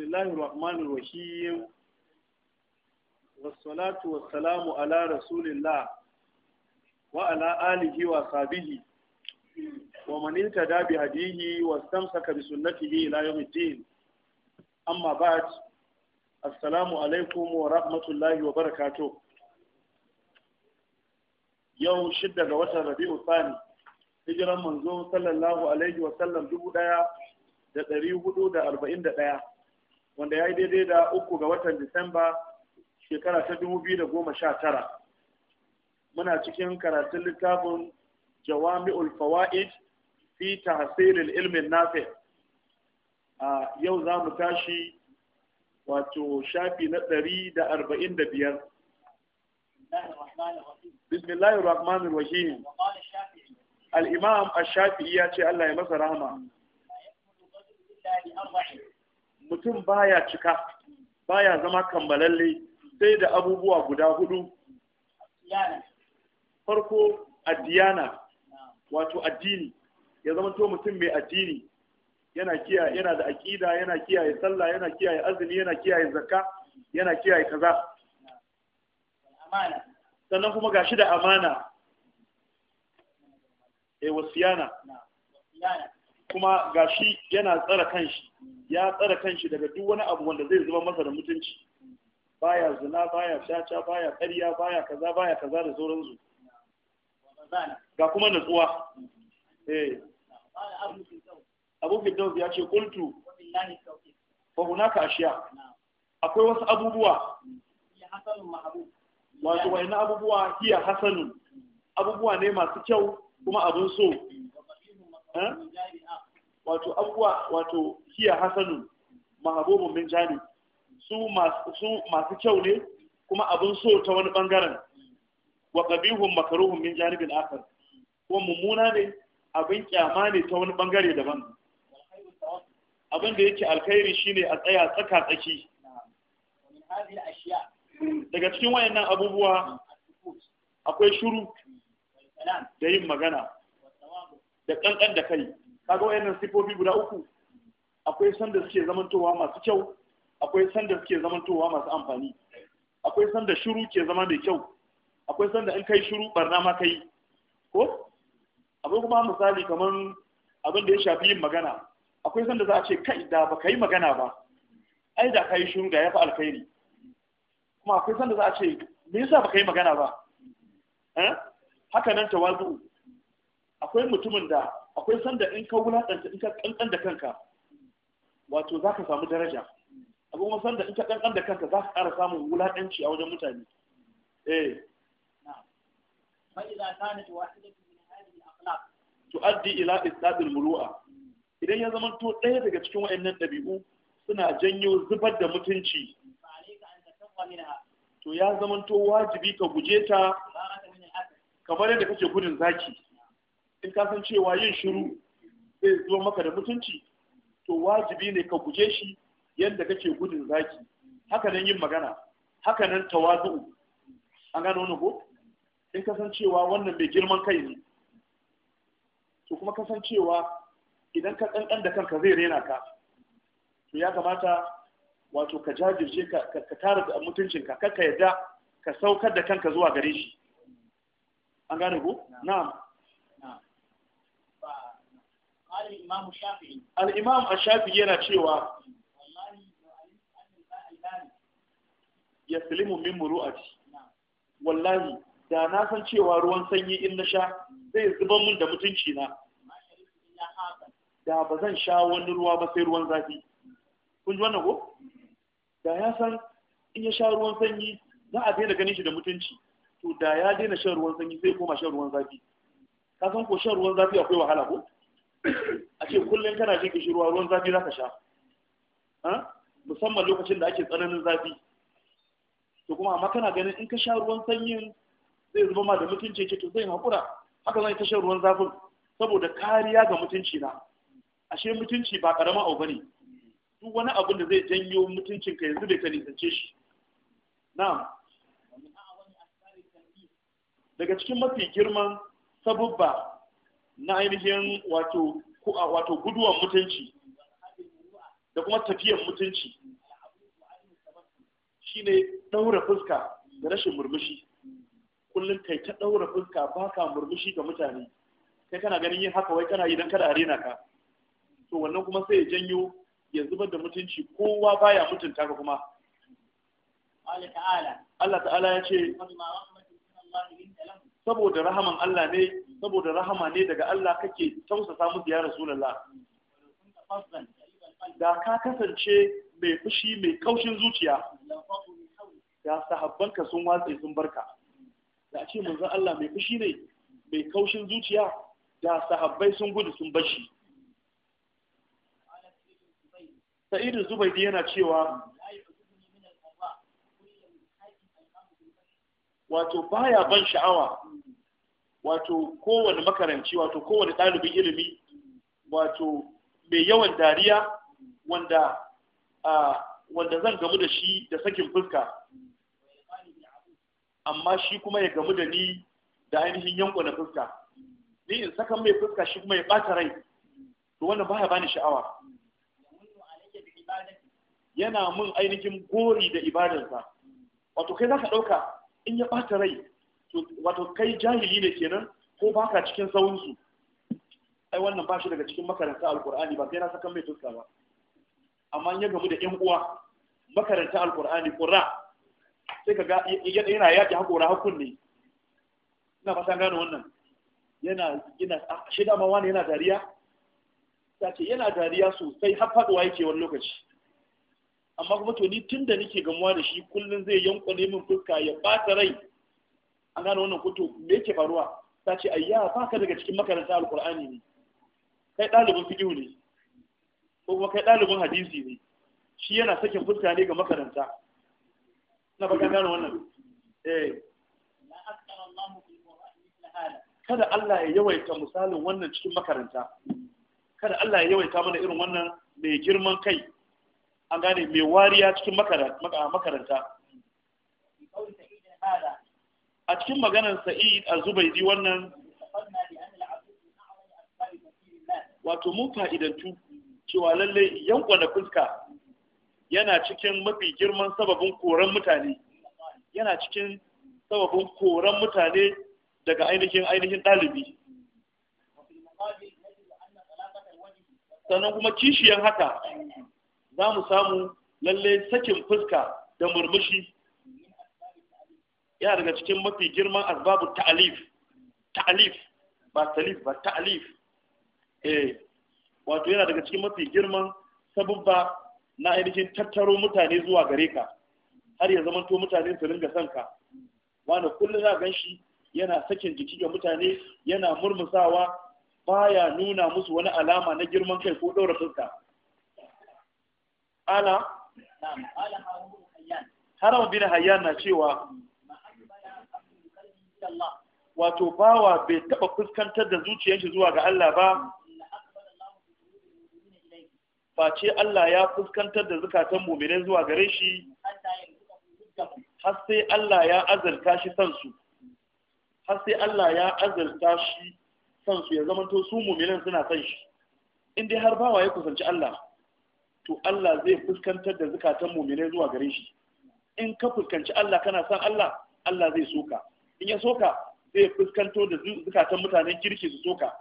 بسم الله الرحمن الرحيم والصلاة والسلام على رسول الله وعلى آله وصحبه ومن اهتدى بهديه واستمسك بسنته إلى يوم الدين أما بعد السلام عليكم ورحمة الله وبركاته يوم شدة وشهر ربيع الثاني hijiran manzo صلى الله عليه وسلم dubu daya da ɗari hudu da arba'in da ɗaya wanda ya yi daidai da uku ga watan Disamba shekara ta dubu biyu da goma sha tara. Muna cikin karatun littafin Jawami'ul Fawa'id fi ta hasirin ilmin nafi. A yau za mu tashi wato shafi na ɗari da arba'in da biyar. Bismillahir Rahmanir Rahim. Al-Imam Ash-Shafi'i ya ce Allah ya masa rahama. mutum baya cika baya zama kammalalle sai da abubuwa guda hudu farko addiyana wato addini ya zama to mutum mai addini yana yana da aƙida, yana kiyaye sallah yana kiyaye azumi yana kiyaye zakka yana kiyaye kaza sannan kuma gashi da amana eh wasiyana kuma gashi yana tsara kanshi ya tsara kanshi daga duk wani abu wanda zai zama masa da mutunci baya zina baya shaca baya ƙarya baya kaza baya kaza da sauransu ga kuma natsuwa eh abu firdaus ya ce kultu fa hunaka ashiya akwai wasu abubuwa wato wani abubuwa hiya hasanun abubuwa ne masu kyau kuma abin so eh? wato abuwa wato hiya hasanu mahabubun min jani su masu kyau ne kuma abin so ta wani bangaren wa qabihum makruhum min janibin akhar ko mummuna ne abin kyama ne ta wani bangare daban abin da yake alkhairi shine a tsaya tsaka tsaki daga cikin wayannan abubuwa akwai shuru da yin magana da kankan da kai kaga wayannan sifofi guda uku akwai sanda suke zamantowa masu kyau akwai sanda suke zamantowa masu amfani akwai sanda shiru ke zama mai kyau akwai sanda in kai shiru barna ma kai ko akwai kuma misali kamar abin da ya shafi yin magana akwai sanda za a ce kai da ba yi magana ba ai da kai shiru da ya fi alkhairi kuma akwai sanda za a ce me yasa ba yi magana ba eh haka nan tawazu akwai mutumin da akwai sanda in ka wulaƙanta in ka ƙanƙan da kanka wato za ka samu daraja akwai kuma sanda in ka ƙanƙan da kanka za ka ƙara samun wulaƙanci a wajen mutane eh tu'addi ila isdadil Mulu'a, idan ya zama to ɗaya daga cikin wa'annan ɗabi'u suna janyo zubar da mutunci to ya zama to wajibi ka guje ta kamar yadda kake gudun zaki in ka san cewa yin shiru zai zo maka da mutunci to wajibi ne ka guje shi yadda kake gudun zaki haka nan yin magana haka nan tawazu'u an gano wani ko in kasancewa wannan mai girman kai ne to kuma kasancewa idan ka kankan da kanka zai rena ka to ya kamata wato ka jajirce ka tara da mutuncinka kar ka yadda ka saukar da kanka zuwa gare shi an gane ko na'am al-imam shafi'i yana cewa ya silimu min muru'ati wallahi da na san cewa ruwan sanyi in na sha zai zuba mun da mutunci na da ba zan sha wani ruwa ba sai ruwan zafi kun ji wannan ko da ya san in ya sha ruwan sanyi za a daina ganin shi da mutunci to da ya daina shan ruwan sanyi sai koma shan ruwan zafi ka san ko shan ruwan zafi akwai wahala ko a ce kullum kana jin kishirwa ruwan zafi za ka sha musamman lokacin da ake tsananin zafi to kuma amma kana ganin in ka sha ruwan sanyin zai zuba ma da mutunci ce to zai haƙura haka zai ta shan ruwan zafin saboda kariya ga mutunci na ashe mutunci ba ƙarama abu bane duk wani abin da zai janyo mutuncin ka yanzu bai ka nisance shi Na. daga cikin mafi girman sabubba na ainihin wato wato guduwan mutunci da kuma tafiyan mutunci shine ɗaura fuska da rashin murmushi kullum kai ta ɗaura fuska baka murmushi ga mutane kai kana ganin yin haka wai kana yi dan kada a rena ka to wannan kuma sai ya janyo ya zubar da mutunci kowa baya mutunta ka kuma Allah ta'ala ya ce saboda rahaman Allah ne saboda rahama ne daga Allah kake tausasa musu ya rasulullah da ka kasance mai fushi mai kaushin zuciya da sahabbanka sun watsa sun barka da ce manzon Allah mai fushi ne mai kaushin zuciya da sahabbai sun gudu sun bashi Sa'idu Zubaidi yana cewa wato baya ban sha'awa wato kowane makaranci wato kowane ɗalibin ilimi wato mai yawan dariya wanda wanda zan gamu da shi da sakin fuska amma shi kuma ya gamu da ni da ainihin yanko na fuska ni in saka mai fuska shi kuma ya bata rai to wannan baya bani sha'awa yana mun ainihin gori da ibadarsa wato kai za ka ɗauka in ya bata rai wato kai jahili ne kenan ko baka cikin sauransu ai wannan ba shi daga cikin makaranta alkur'ani ba sai na sakan mai tuska ba amma ya gamu da yan uwa makaranta alkur'ani qurra sai ka ga yana yaki haƙora hakun ne ina fatan gano wannan yana yana shi da wani yana dariya sace yana dariya sosai har faduwa yake wani lokaci amma kuma to ni tunda nake gamuwa da shi kullun zai yankwane min fuska ya ɓata rai an gane wannan kuto me yake faruwa ta ce ayya ba ka daga cikin makarantar alkur'ani ne kai ɗalibin fiqhu ne ko kuma kai ɗalibin hadisi ne shi yana sakin fuska ne ga makaranta na baka gane wannan eh kada Allah ya yawaita misalin wannan cikin makaranta kada Allah ya yawaita mana irin wannan mai girman kai an gane mai wariya cikin makaranta a cikin maganar sa'id a zubaydi wannan wato mun fa'idantu cewa lalle yankwana fuska yana cikin mafi girman sababin koran mutane yana cikin sababin koran mutane daga ainihin ainihin ɗalibi sannan kuma kishiyan haka za mu samu lallai sakin fuska da murmushi yana daga cikin mafi girman asbabu ta'alif ta'alif ba talif ba ta'alif eh wato yana daga cikin mafi girman sabubba na ainihin tattaro mutane zuwa gare ka har ya zamanto mutane su ringa son ka wani kullum za gan shi yana sakin jiki ga mutane yana murmusawa baya nuna musu wani alama na girman kai ko ɗaura fuska ala haram bin hayyan na cewa wato bawa bai taba fuskantar da zuciyarsa zuwa ga Allah ba face Allah ya fuskantar da zukatan mu'minai zuwa gare shi har sai Allah ya azalta shi san su har sai Allah ya azalta shi san su ya to su mu'minan suna san shi in dai har bawa ya kusanci Allah to Allah zai fuskantar da zukatan mu'minai zuwa gare shi in ka fuskanci Allah kana san Allah Allah zai soka in ya soka zai fuskanto da zukatan mutanen kirki su soka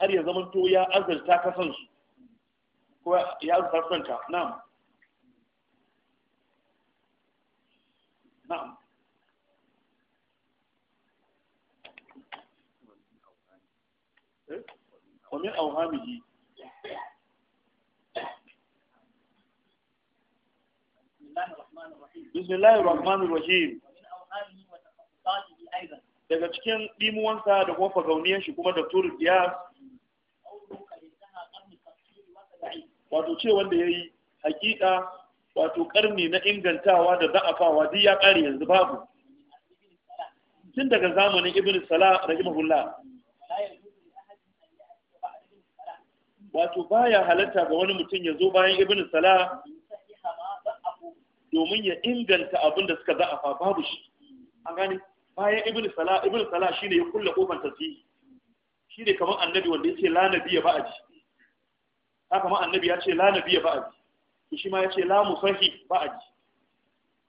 har ya to ya azarta kasansu ko ya azarta kanka na'am na'am ومن أوهامه بسم الله الرحمن الرحيم daga cikin ɗimuwansa da kuma fagauniyan shi kuma da turu biya wato ce wanda ya yi hakika wato karni na ingantawa da za'afawa duk ya ƙare yanzu babu tun daga zamanin ibn salah rahimahullah wato baya halatta ga wani mutum ya zo bayan ibn salah domin ya inganta abin da suka za'afa babu shi an gane bayan ibn sala ibn sala shine ya kulle kofar tasiri. shine kamar annabi wanda yace la ya ba'di haka ma annabi ya ce la ya ba'di to shi ma ya ce la musahi ba'di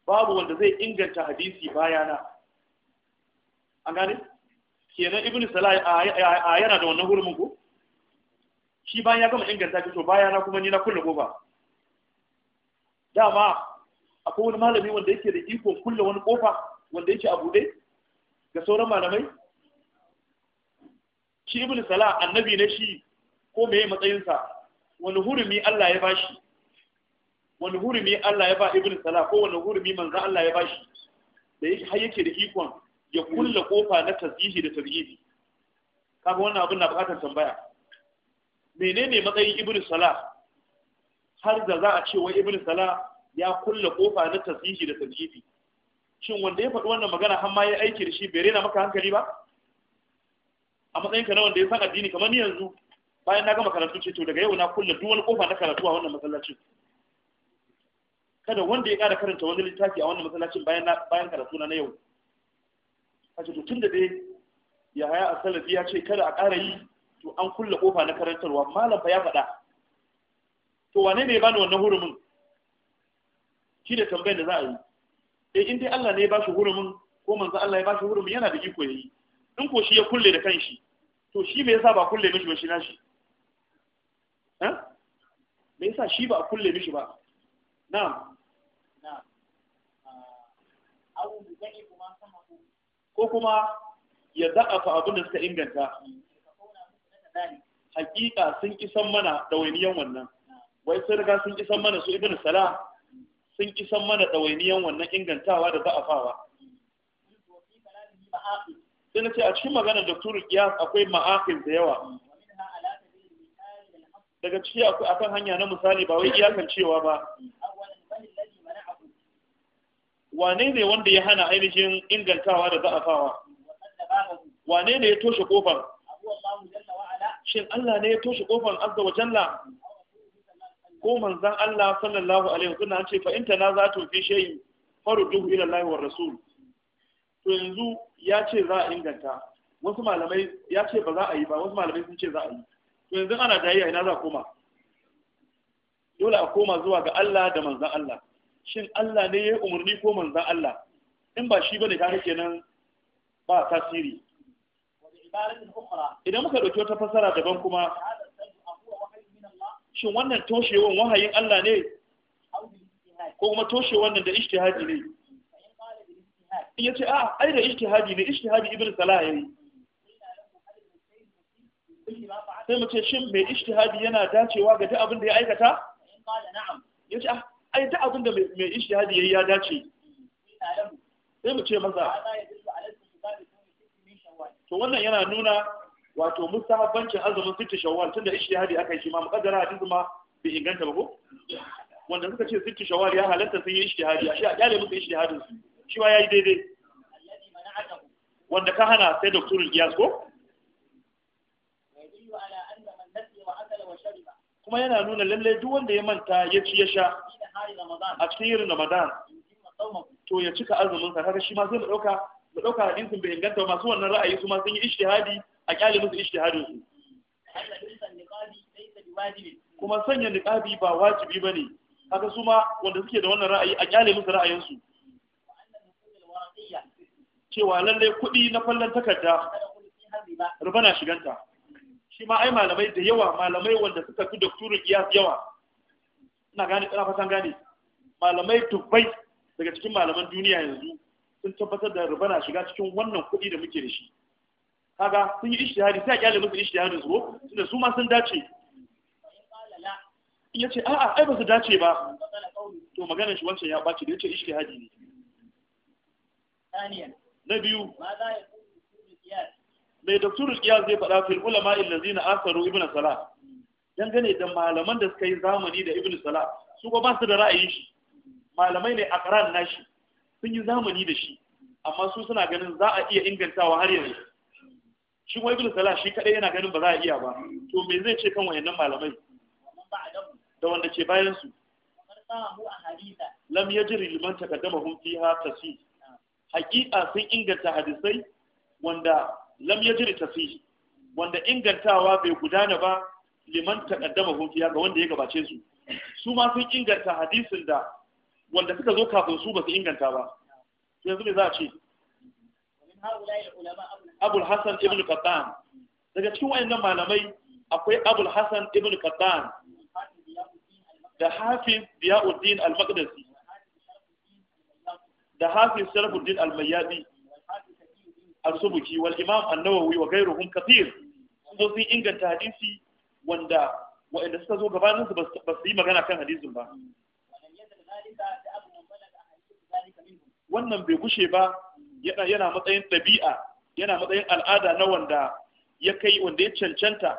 babu wanda zai inganta hadisi bayana an gane kenan ibn sala a yana da wannan hurumin ko shi bayan ya gama inganta shi to bayana kuma ni na kulle kofa dama akwai wani malami wanda yake da ikon kulle wani kofa wanda yake a buɗe ga sauran malamai shi ibn sala annabi ne shi ko meye matsayinsa wani hurumi Allah ya bashi wani hurumi Allah ya ba ibn sala ko wani hurumi manzo Allah ya bashi da yake har yake da ikon ya kulla kofa na tasbihi da tarhibi kaga wannan abin na bukatar tambaya menene matsayin ibn sala har da za a ce wai ibn sala ya kulla kofa na tasbihi da tarhibi shin wanda ya faɗi wannan magana har ma ya aiki da shi bai rena maka hankali ba a matsayin ka na wanda ya san addini kamar ni yanzu bayan na gama karatu ce to daga yau na kulle duk wani kofa na karatu a wannan masallacin kada wanda ya ƙara karanta wani littafi a wannan masallacin bayan bayan karatu na yau kace to tunda dai ya haya a salafi ya ce kada a ƙara yi to an kulle kofa na karantarwa malam fa ya faɗa to wane ne ya bani wannan hurumin shi da tambayar da za a yi eh in dai Allah ne ya bashi hurumin ko manzo Allah ya bashi hurumin yana da iko yayi in ko shi ya kulle da kanshi to shi me yasa ba kulle mishi ba shi nashi eh me yasa shi ba kulle mishi ba na'am na'am awu ah, zai kuma sama ko kuma ya za'afa abin da suka inganta hmm. hakika sun kisan mana ɗawainiyan wannan wai sun riga sun kisan mana su ibn salah sun san mana ɗawainiyan wannan ingantawa da za'afawa sai na ce a cikin maganar da turu kiyas akwai ma'afin da yawa daga ciki akwai akan hanya na misali ba wai iyakan cewa ba wane ne wanda ya hana ainihin ingantawa da za'afawa wane ne ya toshe kofar shin Allah ne ya toshe kofar azza wa jalla ko Manzan Allah sallallahu alaihi wasallam an ce fa in tanazatu fi shay'in farduhu ila Allah wa rasul to yanzu ya ce za a inganta wasu malamai ya ce ba za a yi ba wasu malamai sun ce za a yi to yanzu ana da yayi ina za a koma dole a koma zuwa ga Allah da Manzan Allah shin Allah ne ya umarni ko Manzan Allah in ba shi bane kaga kenan ba tasiri idan muka dauki wata fasara daban kuma shin wannan toshewan wahayin Allah ne ko kuma toshe wannan da ijtihadi ne in yace a ah, ai da ijtihadi ne ijtihadi ibn salah yayi sai mu ce shin mai ijtihadi yana dacewa ga duk abin da ya aikata yace a ah, ai duk abin da mai ijtihadi yayi ya dace sai mu ce maza to wannan yana nuna wato mustahabbancin azumin sittu shawwal tunda ishtihadi aka yi shi ma muqaddara cikin ma bi inganta ba ko wanda suka ce sittu shawwal ya halatta sun yi ishtihadi a shi a kyale musu ishtihadin su shi ma yayi daidai wanda ka hana sai doktorul iyas ko kuma yana nuna lallai duk wanda ya manta ya ci ya sha a cikin yin ramadan to ya cika azumin sa kaga shi ma zai mu dauka mu dauka hadisin bai inganta masu wannan ra'ayi su ma sun yi ishtihadi a kyale musu har su kuma sanya niqabi ba wajibi ba ne, kaga su ma wanda suke da wannan ra'ayi a kyale musu ra'ayin cewa lallai kuɗi na fallon takarda na shiganta shi ma ai malamai da yawa malamai wanda suka fi doktorin iya yawa ina gane ina fatan gane malamai dubbai daga cikin malaman duniya yanzu sun tabbatar da rubana shiga cikin wannan kuɗi da muke da shi kaga sun yi ishtihadi sai a kyale musu ishtihadin su tunda su ma sun dace in yace a'a ai ba su dace ba to maganar shi wancan ya baci da ce ishtihadi ne na biyu mai doktor rukiya zai faɗa fil ulama zina asaru Ibn salah dangane da malaman da suka yi zamani da Ibn salah su ba su da ra'ayin shi malamai ne a ƙaran nashi sun yi zamani da shi amma su suna ganin za a iya ingantawa har yanzu shi wai ibn salah shi kadai yana ganin ba za a iya ba to me zai ce kan wayannan malamai da wanda ce bayan su lam yajri liman taqaddamahum fiha tasi haqiqa sun inganta hadisai wanda lam yajri tasi wanda ingantawa bai gudana ba liman taqaddamahum fiha ga wanda ya gabace su su ma sun inganta hadisin da wanda suka zo kafin su ba su inganta ba yanzu me za a ce abul hassan ibn qattan daga cikin wayannan malamai akwai abul hassan ibn qattan da hafiz diyauddin al-maqdisi da hafiz sharafuddin al-mayyadi al-subuki wal imam an-nawawi wa ghayruhum kathir sun sun inganta hadisi wanda suka zo gabanin su ba su yi magana kan hadisin ba wannan bai gushe ba yana matsayin ɗabi'a yana matsayin al'ada na wanda ya kai wanda ya cancanta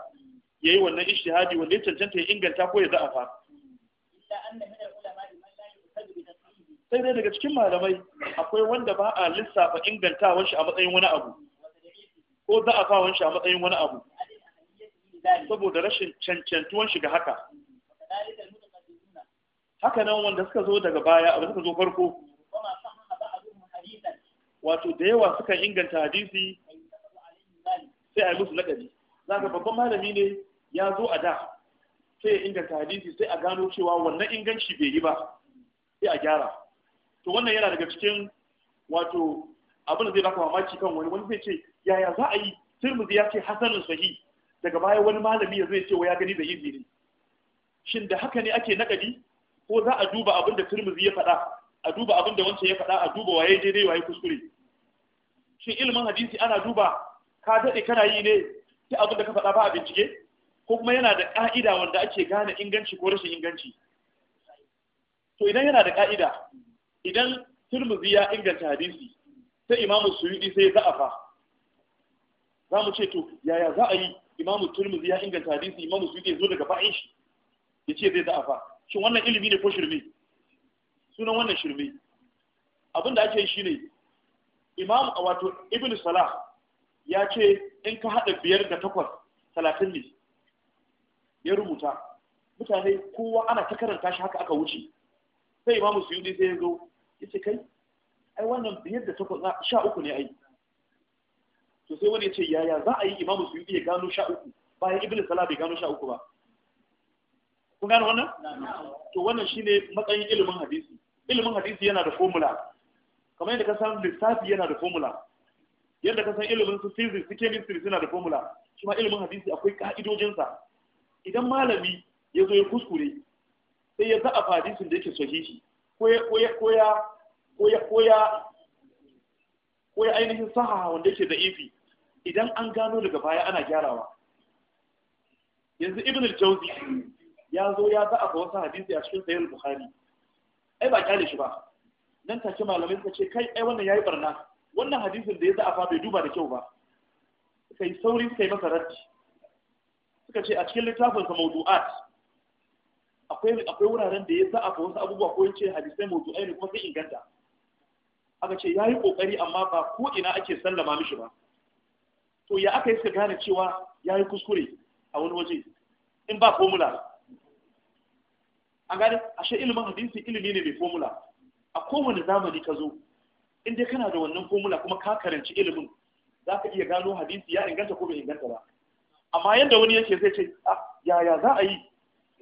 ya yi wannan ishtihadi wanda ya cancanta ya inganta ko ya za'afa sai dai daga cikin malamai akwai wanda ba a lissafa ingantawan shi a matsayin wani abu ko fa shi a matsayin wani abu saboda rashin cancantuwan shiga ga haka haka nan wanda suka zo daga baya abu suka zo farko wato da yawa suka inganta hadisi sai a yi musu lakabi za ka babban malami ne ya zo a da sai ya inganta hadisi sai a gano cewa wannan inganci bai yi ba sai a gyara to wannan yana daga cikin wato abin da zai baka mamaki kan wani wani zai ce yaya za a yi tirmidhi ya ce hasanin sahi daga baya wani malami ya zai ce wa ya gani da izini shin da haka ne ake nagadi ko za a duba abin da turmuzi ya faɗa a duba abin da wancan ya faɗa a duba waye daidai waye kuskure shin ilimin hadisi ana duba ka daɗe kana yi ne sai abin da ka faɗa ba a bincike ko kuma yana da ƙa'ida wanda ake gane inganci ko rashin inganci to idan yana da ƙa'ida idan turmuzi ya inganta hadisi sai imamu suyudi sai za'afa za mu ce to yaya za a yi imamu turmuzi ya inganta hadisi imamu suyudi ya zo daga ba'in shi ya ce zai za'afa shin wannan ilimi ne ko shirme sunan wannan shirme abin da ake yi shine imam wato ibn salah ya ce in ka haɗa biyar da takwas talatin ne ya rubuta mutane kowa ana ta karanta shi haka aka wuce sai imamu suyudi sai ya zo ya ce kai ai wannan biyar da takwas sha uku ne ai to sai wani ya ce yaya za a yi imamu suyudi ya gano sha uku bayan ibn salah bai gano sha uku ba kun gano wannan to wannan shine matsayin ilimin hadisi ilimin hadisi yana da formula kamar yadda ka san lissafi yana da formula yadda ka san ilimin su physics su chemistry suna da formula shi ma ilimin hadisi akwai ka'idojinsa idan malami ya zo ya kuskure sai ya za'a hadisin da yake sahihi ko ya ko ya ainihin sahaha wanda yake da ifi idan an gano daga baya ana gyarawa yanzu ibn al-jawzi ya zo ya za'a wasu hadisi a cikin sahih al-bukhari ai ba kyale shi ba nan take malamai suka ce kai ai wannan yayi barna wannan hadisin da ya za fa bai duba da kyau ba suka yi sauri suka yi masa raddi suka ce a cikin littafin sa mawdu'at akwai akwai wuraren da ya za a fa wasu abubuwa ko yace hadisai mawdu'ai ne kuma sai inganta aka ce yayi kokari amma ba ko ina ake sallama mishi ba to ya aka yi suka gane cewa yayi kuskure a wani waje in ba formula an gane ashe ilimin hadisi ilimi ne mai formula a kowane zamani ka zo in dai kana da wannan formula kuma ka karanci ilimin za ka iya gano hadisi ya inganta ko bai inganta ba amma yadda wani yake zai ce ah, yaya za a yi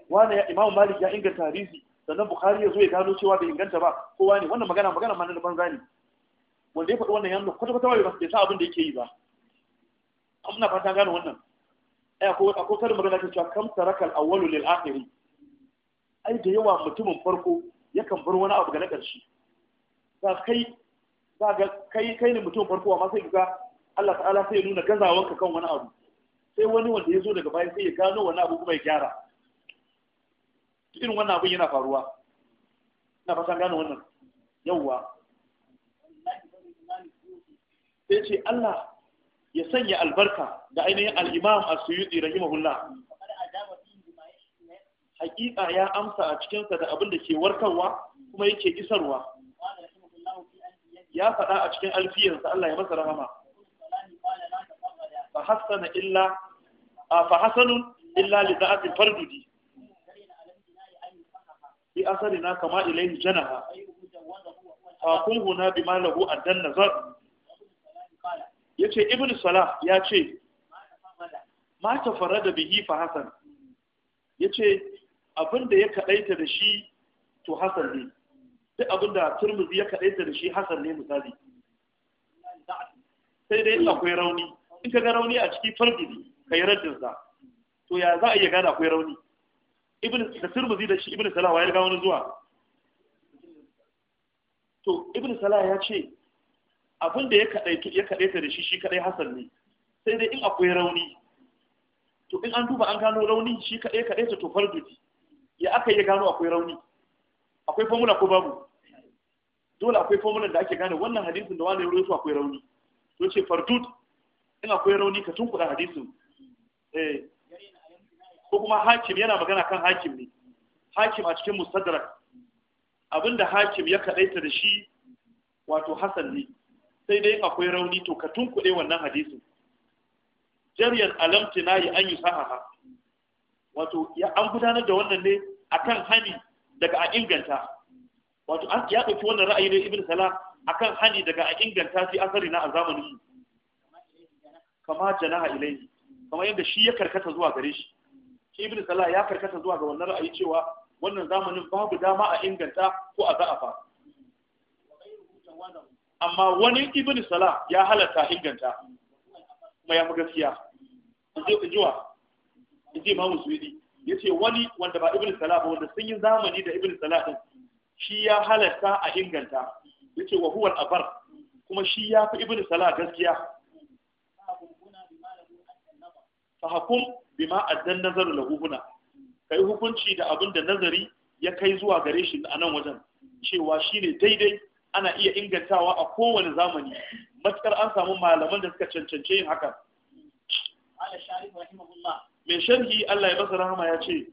wani ya imamu malik ya inganta hadisi sannan bukhari ya zo ya gano cewa bai inganta ba ko wani wannan magana magana ma na banza ne wanda ya faɗi wannan yanzu kwata kwata ba bai sa abin da yake yi ba amma fata gano wannan ai akwai akwai karin magana ta cewa kam tarakal awwalu lil akhiri ai da yawa mutumin farko yakan bar wani abu ga na ƙarshe za kai za ga kai kai ne mutum farko amma sai ga Allah ta'ala sai ya nuna gazawanka kan wani abu sai wani wanda ya zo daga baya sai ya gano wani abu kuma ya gyara irin wannan abin yana faruwa ina fatan gano wannan yawwa sai ce Allah ya sanya albarka ga ainihin al-Imam As-Suyuti rahimahullah hakika ya amsa a cikinsa da abin da ke warkarwa kuma yake isarwa ya faɗa a cikin alfiyarsa Allah ya masa rahama fa hasana illa fa hasanun illa li da'ati fardudi bi na, kama ilayhi janaha fa kun huna bima lahu addan nazar yace ibnu salah ya ma tafarrada bihi fa hasan yace abin da ya kaɗaita da shi to hasan ne duk abin da turmuzi ya kaɗaita da shi hasan ne misali sai dai akwai rauni in ka ga rauni a ciki farbi ne ka yi raddin sa to ya za a iya gane akwai rauni ibn da turmuzi da shi ibn salah ya ga wani zuwa to ibn salah ya ce abin da ya kaɗaita da shi shi kaɗai hasan ne sai dai in akwai rauni to in an duba an gano rauni shi kaɗai kaɗai ta to fardi ya aka iya gano akwai rauni akwai formula ko babu dole akwai formula da ake gane wannan hadisin da wani rawaito akwai rauni to ce fardud in akwai rauni ka tunkuɗa hadisin eh. ko kuma hakim yana magana kan hakim ne hakim a cikin mustadrak abinda hakim ya kadaita da shi wato hasan ne sai dai akwai rauni to ka tunkuɗe wannan hadisin jariyar alamtina ya an yi sahaha wato ya an gudanar da wannan ne akan hani daga a inganta wato an ya ɗauki wannan ra'ayi ne ibn salam akan hani daga a inganta fi asari na a zamanin su. kama janaha ilaihi kamar yadda shi ya karkata zuwa gare shi shi ibn sala ya karkata zuwa ga wannan ra'ayi cewa wannan zamanin babu dama a inganta ko a za'afa amma wani ibn sala ya halatta inganta kuma ya gaskiya in ji wa in ji mamu suwidi yace wani wanda ba ibn salah ba wanda sun yi zamani da ibn salah din shi ya halatta a inganta yace wa huwa al-abar kuma shi ya fi ibn salah gaskiya fa hukum bima addan nazaru lahu huna kai hukunci da abin da nazari ya kai zuwa gare shi a nan wajen cewa shine daidai ana iya ingantawa a kowane zamani matukar an samu malaman da suka cancance yin haka mai sharhi Allah ya masa rahama ya ce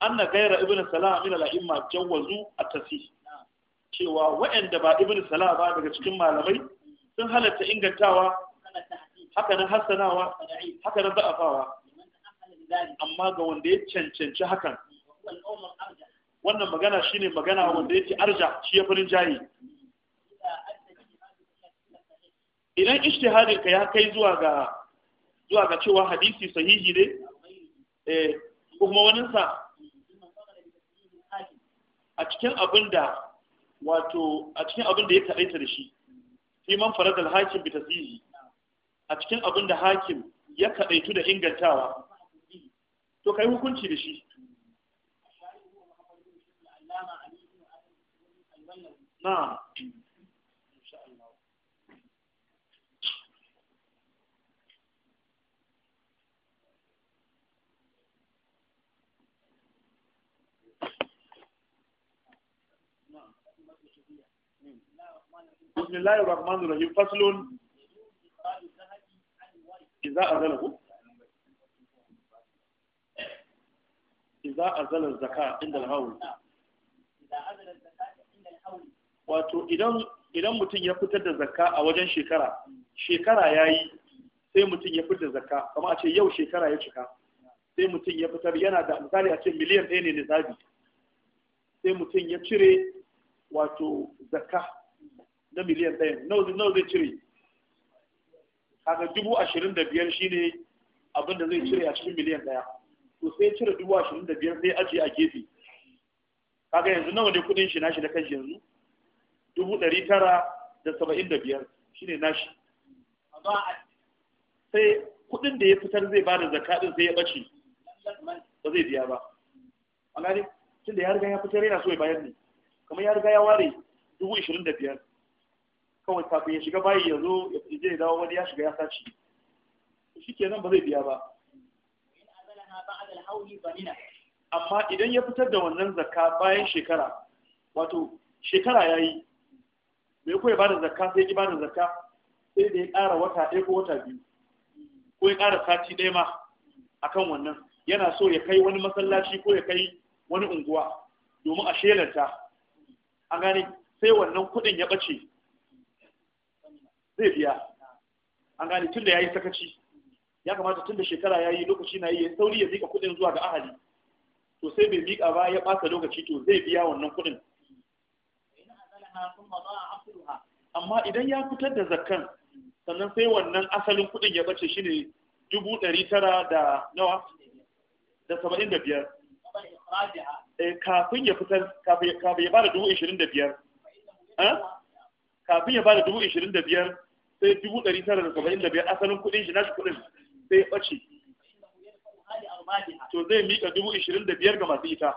an na gaira ibn salam min al'imma jawazu a tasi cewa wa'anda ba ibn salam ba daga cikin malamai sun halatta ingantawa haka nan hassanawa haka nan za'afawa amma ga wanda ya cancanci hakan wannan magana shine magana wanda yake arja shi ya farin jayi idan ijtihadin ka ya kai zuwa ga zuwa ga cewa hadisi sahihi ne eh kuma wani sa a cikin abin da wato a cikin abin da ya taɗaita da shi fi man al hakim bi tasihi a cikin abin da hakim ya kaɗaitu da ingantawa to kai hukunci da shi na'am بسم الله الرحمن faslun فصل azalahu idza azala zaka inda al wato idan idan mutum ya fitar da zakka a wajen shekara shekara yayi sai mutum ya fitar da zakka kamar a ce yau shekara ya cika sai mutum ya fitar yana da misali a ce miliyan ɗaya ne nisabi sai mutum ya cire wato zakka na miliyan ɗaya nawa zai cire kaga dubu ashirin da biyar shine abin da zai cire a cikin miliyan ɗaya to sai cire dubu ashirin da biyar sai ajiye a gefe kaga yanzu nawa ne kuɗin shi nashi na shi yanzu dubu ɗari tara da saba'in da biyar shine nashi sai kuɗin da ya fitar zai ba da zakaɗin sai ya ɓace ba zai biya ba a gani tun da ya riga ya fitar yana so ya bayar ne kamar ya riga ya ware dubu ashirin da biyar kawai kafin ya shiga bayi ya zo ya fije ya dawo wani ya shiga ya sace shi kenan ba zai biya ba amma idan ya fitar da wannan zakka bayan shekara wato shekara ya yi bai kuwa ba da zakka sai ki ba da zakka sai da ya ƙara wata ɗaya ko wata biyu ko ya ƙara sati ɗaya ma akan wannan yana so ya kai wani masallaci ko ya kai wani unguwa domin a shelarta an gane sai wannan kuɗin ya ɓace zai biya an gane tun da ya yi sakaci ya kamata tun da shekara ya yi lokaci na yi ya sauri ya miƙa kuɗin zuwa ga ahali to sai bai miƙa ba ya ɓata lokaci to zai biya wannan kuɗin amma idan ya fitar da zakkan sannan sai wannan asalin kuɗin ya bace ne dubu ɗari tara da nawa da saba'in da biyar eh, kafin ya fitar kafin ya ba da dubu ashirin da biyar eh? kafin ya ba da dubu ishirin da biyar sai dubu ɗari tara da saba'in da biyar asalin kuɗin shi nashi kuɗin sai ya ɓace to zai miƙa dubu ishirin da biyar ga masu ita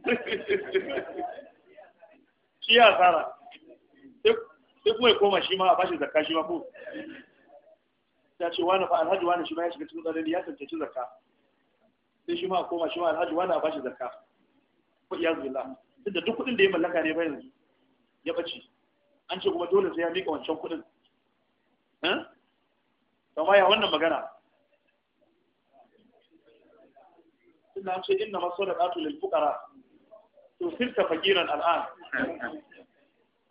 shi ya asara sai kuma ya koma shi ma a bashi zakka shi ma ko ta ce wani fa alhaji wani shi ma ya shiga cikin tsanani ya tantance zakka sai shi ma a koma shi ma alhaji wani a bashi zakka ko iya zuwa duk da duk kuɗin da ya mallaka ne bayan ya ɓace an ce kuma dole sai ya miƙa wancan kuɗin kama eh? ya wannan magana suna ce inna maso da ƙatu lil fuƙara to sirta fakiran al'an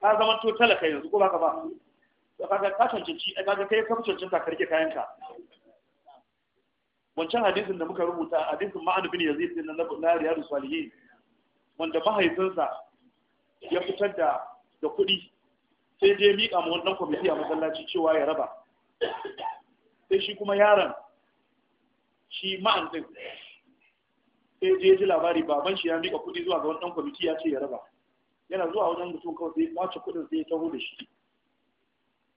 ka zama to talaka yanzu ko baka ba to ga ka cancanci eh, kaga kai ka cancanta karke kayanka wancan hadisin da muka rubuta hadisin ma'an bin yazid din na riyadu salihin wanda mahaifinsa ya fitar da da kuɗi sai je miƙa ma wannan kwamiti a masallaci cewa ya raba sai shi kuma yaron shi ma'an din sai je ji labari baban shi ya miƙa kuɗi zuwa ga wannan kwamiti ya ce ya raba yana zuwa wajen mutum kawai sai kwace kuɗin sai ya taho da shi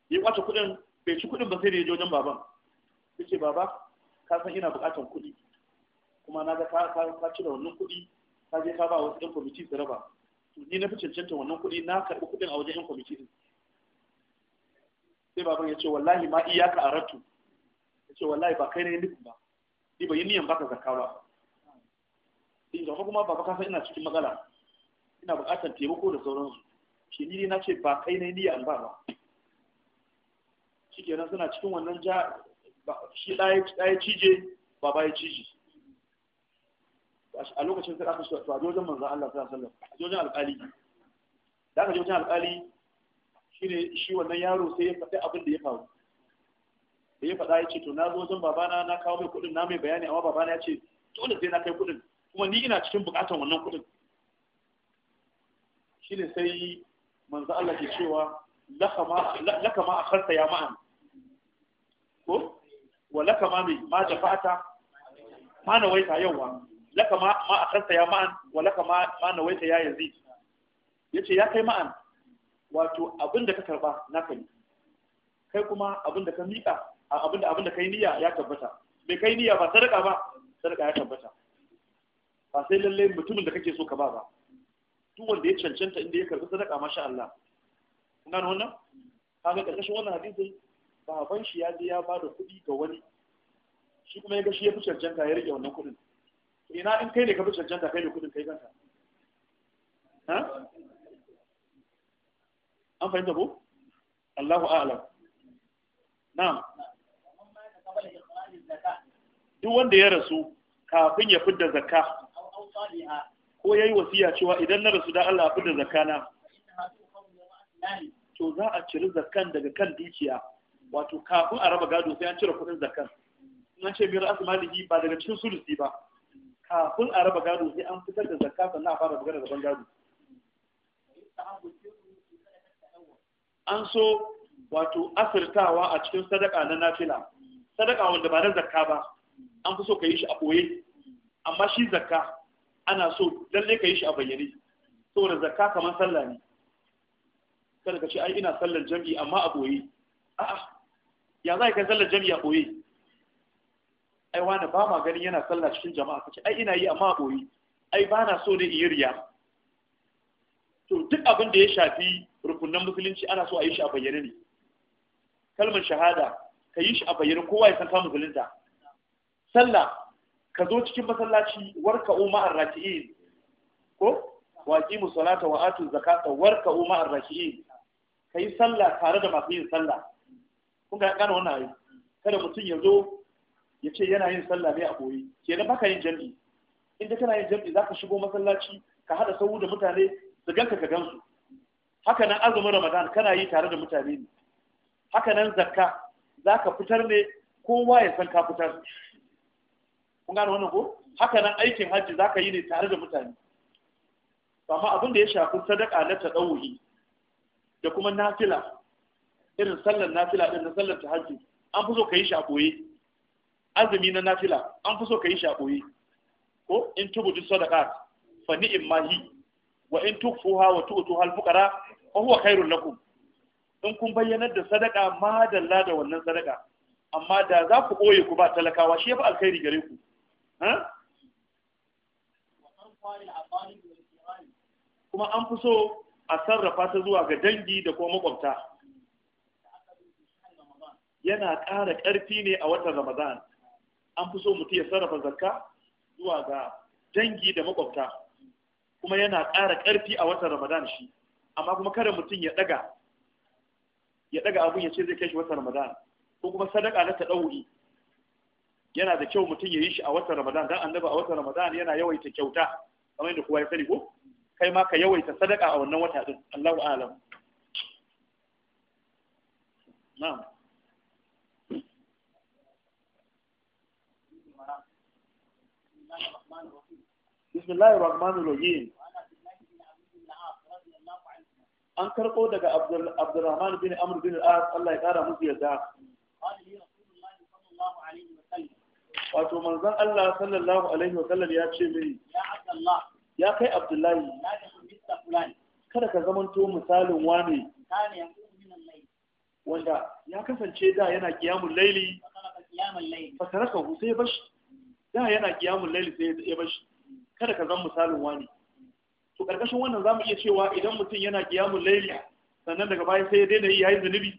ya kwace kuɗin bai ci kuɗin ba sai da ya je wajen baban ya ce baba ka san ina buƙatar kuɗi kuma na ga ka cire wannan kuɗi ka je ka ba wasu ɗan kwamiti su raba ni na fi cancanta wannan kuɗi na karɓi kuɗin a wajen 'yan kwamiti din sai baban ya ce wallahi ma iyaka aratu ya ce wallahi ba kai ne nufin ba ni ba yi niyan baka zakka ba in zafa kuma baba ka san ina cikin magana? ina buƙatar taimako da sauransu shi ni na ce ba kai ne niyan ba ba shikenan suna cikin wannan ja shi ɗaya cije baba ya cije a lokacin sai aka to a wajen manzan Allah sallallahu alaihi wasallam wajen alƙali da aka je wajen alƙali shine shi wannan yaro sai ya faɗi abin da ya faru da ya faɗa ya ce to na zo wajen babana na kawo mai kuɗin na mai bayani amma babana ya ce dole sai na kai kuɗin kuma ni ina cikin buƙatar wannan kuɗin shine sai manzo Allah ke cewa lakama ma akharta ya ma'an ko wa lakama ma mai ma jafata? ma nawaita yawa lakama ma ma akharta ya ma'an wa lakama ma ma nawaita ya yazid yace ya kai ma'an wato abin da ka karba ka yi kai kuma abin da ka miƙa abin da abin da kai niyya ya tabbata bai kai niyya ba sadaka ba sadaka ya tabbata ba sai lalle mutumin da kake so ka ba ba duk wanda ya cancanta inda ya karbi sadaka masha Allah Kuna gano wannan kaga karkashin wannan hadisin baban shi ya je ya ba da kuɗi ga wani shi kuma ya ga shi ya fi cancanta ya rike wannan kuɗin ina in kai ne ka fi cancanta kai ne kuɗin kai kanka an fahimta ko Allahu a'lam na'am duk wanda ya rasu kafin ya fidda zakka ko yayi wasiya cewa idan na rasu da Allah fidda zakka na to za a ciri zakkan daga kan dukiya wato kafin a raba gado sai an cire kudin zakkan in an ce biyar asmalihi ba daga cikin sulusi ba kafin a raba gado sai an fitar da zakka sannan a fara daga daga ban gado an so wato asirtawa a cikin sadaka na nafila sadaka wanda ba na zakka ba an fi so ka yi shi a ɓoye amma shi zakka ana so lalle ka yi shi a bayyane saboda zakka kamar sallah ne kada ka ce ai ina sallar jam'i amma a ɓoye a'a ya za ka sallar jam'i a ɓoye ai wani ba ma ganin yana sallah cikin jama'a kace ai ina yi amma a ɓoye ai ba na so ne in yi riya to duk abin da ya shafi rukunan musulunci ana so a yi shi a bayyane ne kalmar shahada ka yi shi a bayyane kowa ya san ka musulunta sallah ka zo cikin masallaci warka umma raki'in ko wa qimu salata wa atu zakata warka umma Ka yi sallah tare da masu yin sallah kun ga kana wannan ayi kada mutum ya zo ya ce yana yin sallah ne a boye kenan baka yin jami'i in da kana yin jami'i zaka shigo masallaci ka hada sahu da mutane su ganka ka gansu haka nan azumin ramadan kana yi tare da mutane ne haka nan zakka za ka fitar ne kowa ya san ka fitar kun gane wannan ko haka nan aikin hajji za ka yi ne tare da mutane amma abin da ya shafi sadaka na taɗauhi da kuma nafila irin sallar nafila din na sallar hajji, an fi so ka yi shi a ɓoye azumi na nafila an fi so ka yi shi a ɓoye ko in tubudu sadaka fa ni'im mahi wa in tukfuha wa tu'tuha al-fuqara fa huwa khairul lakum in kun bayyanar da sadaka ma dalla da wannan sadaka amma da za ku boye ku ba talakawa shi yafi alkhairi gare ku ha kuma an fi so a sarrafa ta zuwa ga dangi da kuma makwabta yana ƙara ƙarfi ne a watan ramadan an fi so mutum ya sarrafa zakka zuwa ga dangi da makwabta kuma yana ƙara ƙarfi a watan ramadan shi amma kuma kada mutum ya ɗaga ya ɗaga abun ya ce zai kai shi watan ramadan ko kuma sadaka na ta ɗauri yana da kyau mutum ya yi shi a watan ramadan dan annaba a watan ramadan yana yawaita kyauta kamar yadda kowa ya sani ko kai ma ka yawaita sadaka a wannan wata din Allahu a'lam na'am bismillahir rahmanir rahim an karɓo daga abdurrahman bin amr bin al-as Allah ya kara musu yarda wato manzon Allah sallallahu alaihi wa sallam ya ce mini ya kai abdullahi kada ka zamanto misalin wane wanda ya kasance da yana kiyamun laili fataraka hu sai bashi da yana kiyamun laili sai ya bashi kada ka zan misalin wani to karkashin wannan za mu iya cewa idan mutum yana qiyamul layli sannan daga baya sai ya daina yi yayin zunubi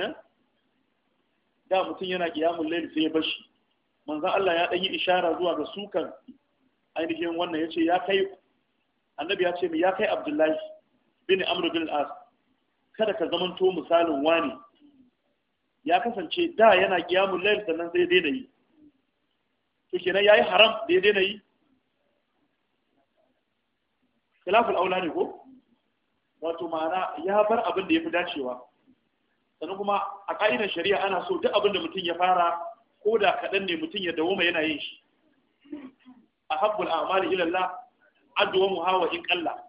eh? da mutum yana qiyamul layli sai ya bashi manzon Allah ya dan yi ishara zuwa ga sukan ainihin wannan yace ya kai annabi ya ce ya kai Abdullahi bin Amr bin al-As kada ka zamanto misalin wani ya kasance da yana qiyamul layli sannan sai ya daina yi to kenan yayi haram da ya daina yi khilaful aula ne ko wato ma'ana ya bar abin da ya fi dacewa sannan kuma a ƙa'idar shari'a ana so duk abin da mutum ya fara ko da kaɗan ne mutum ya dawoma yana yin shi a habbul a'mali ilalla addu'a muhawa in qalla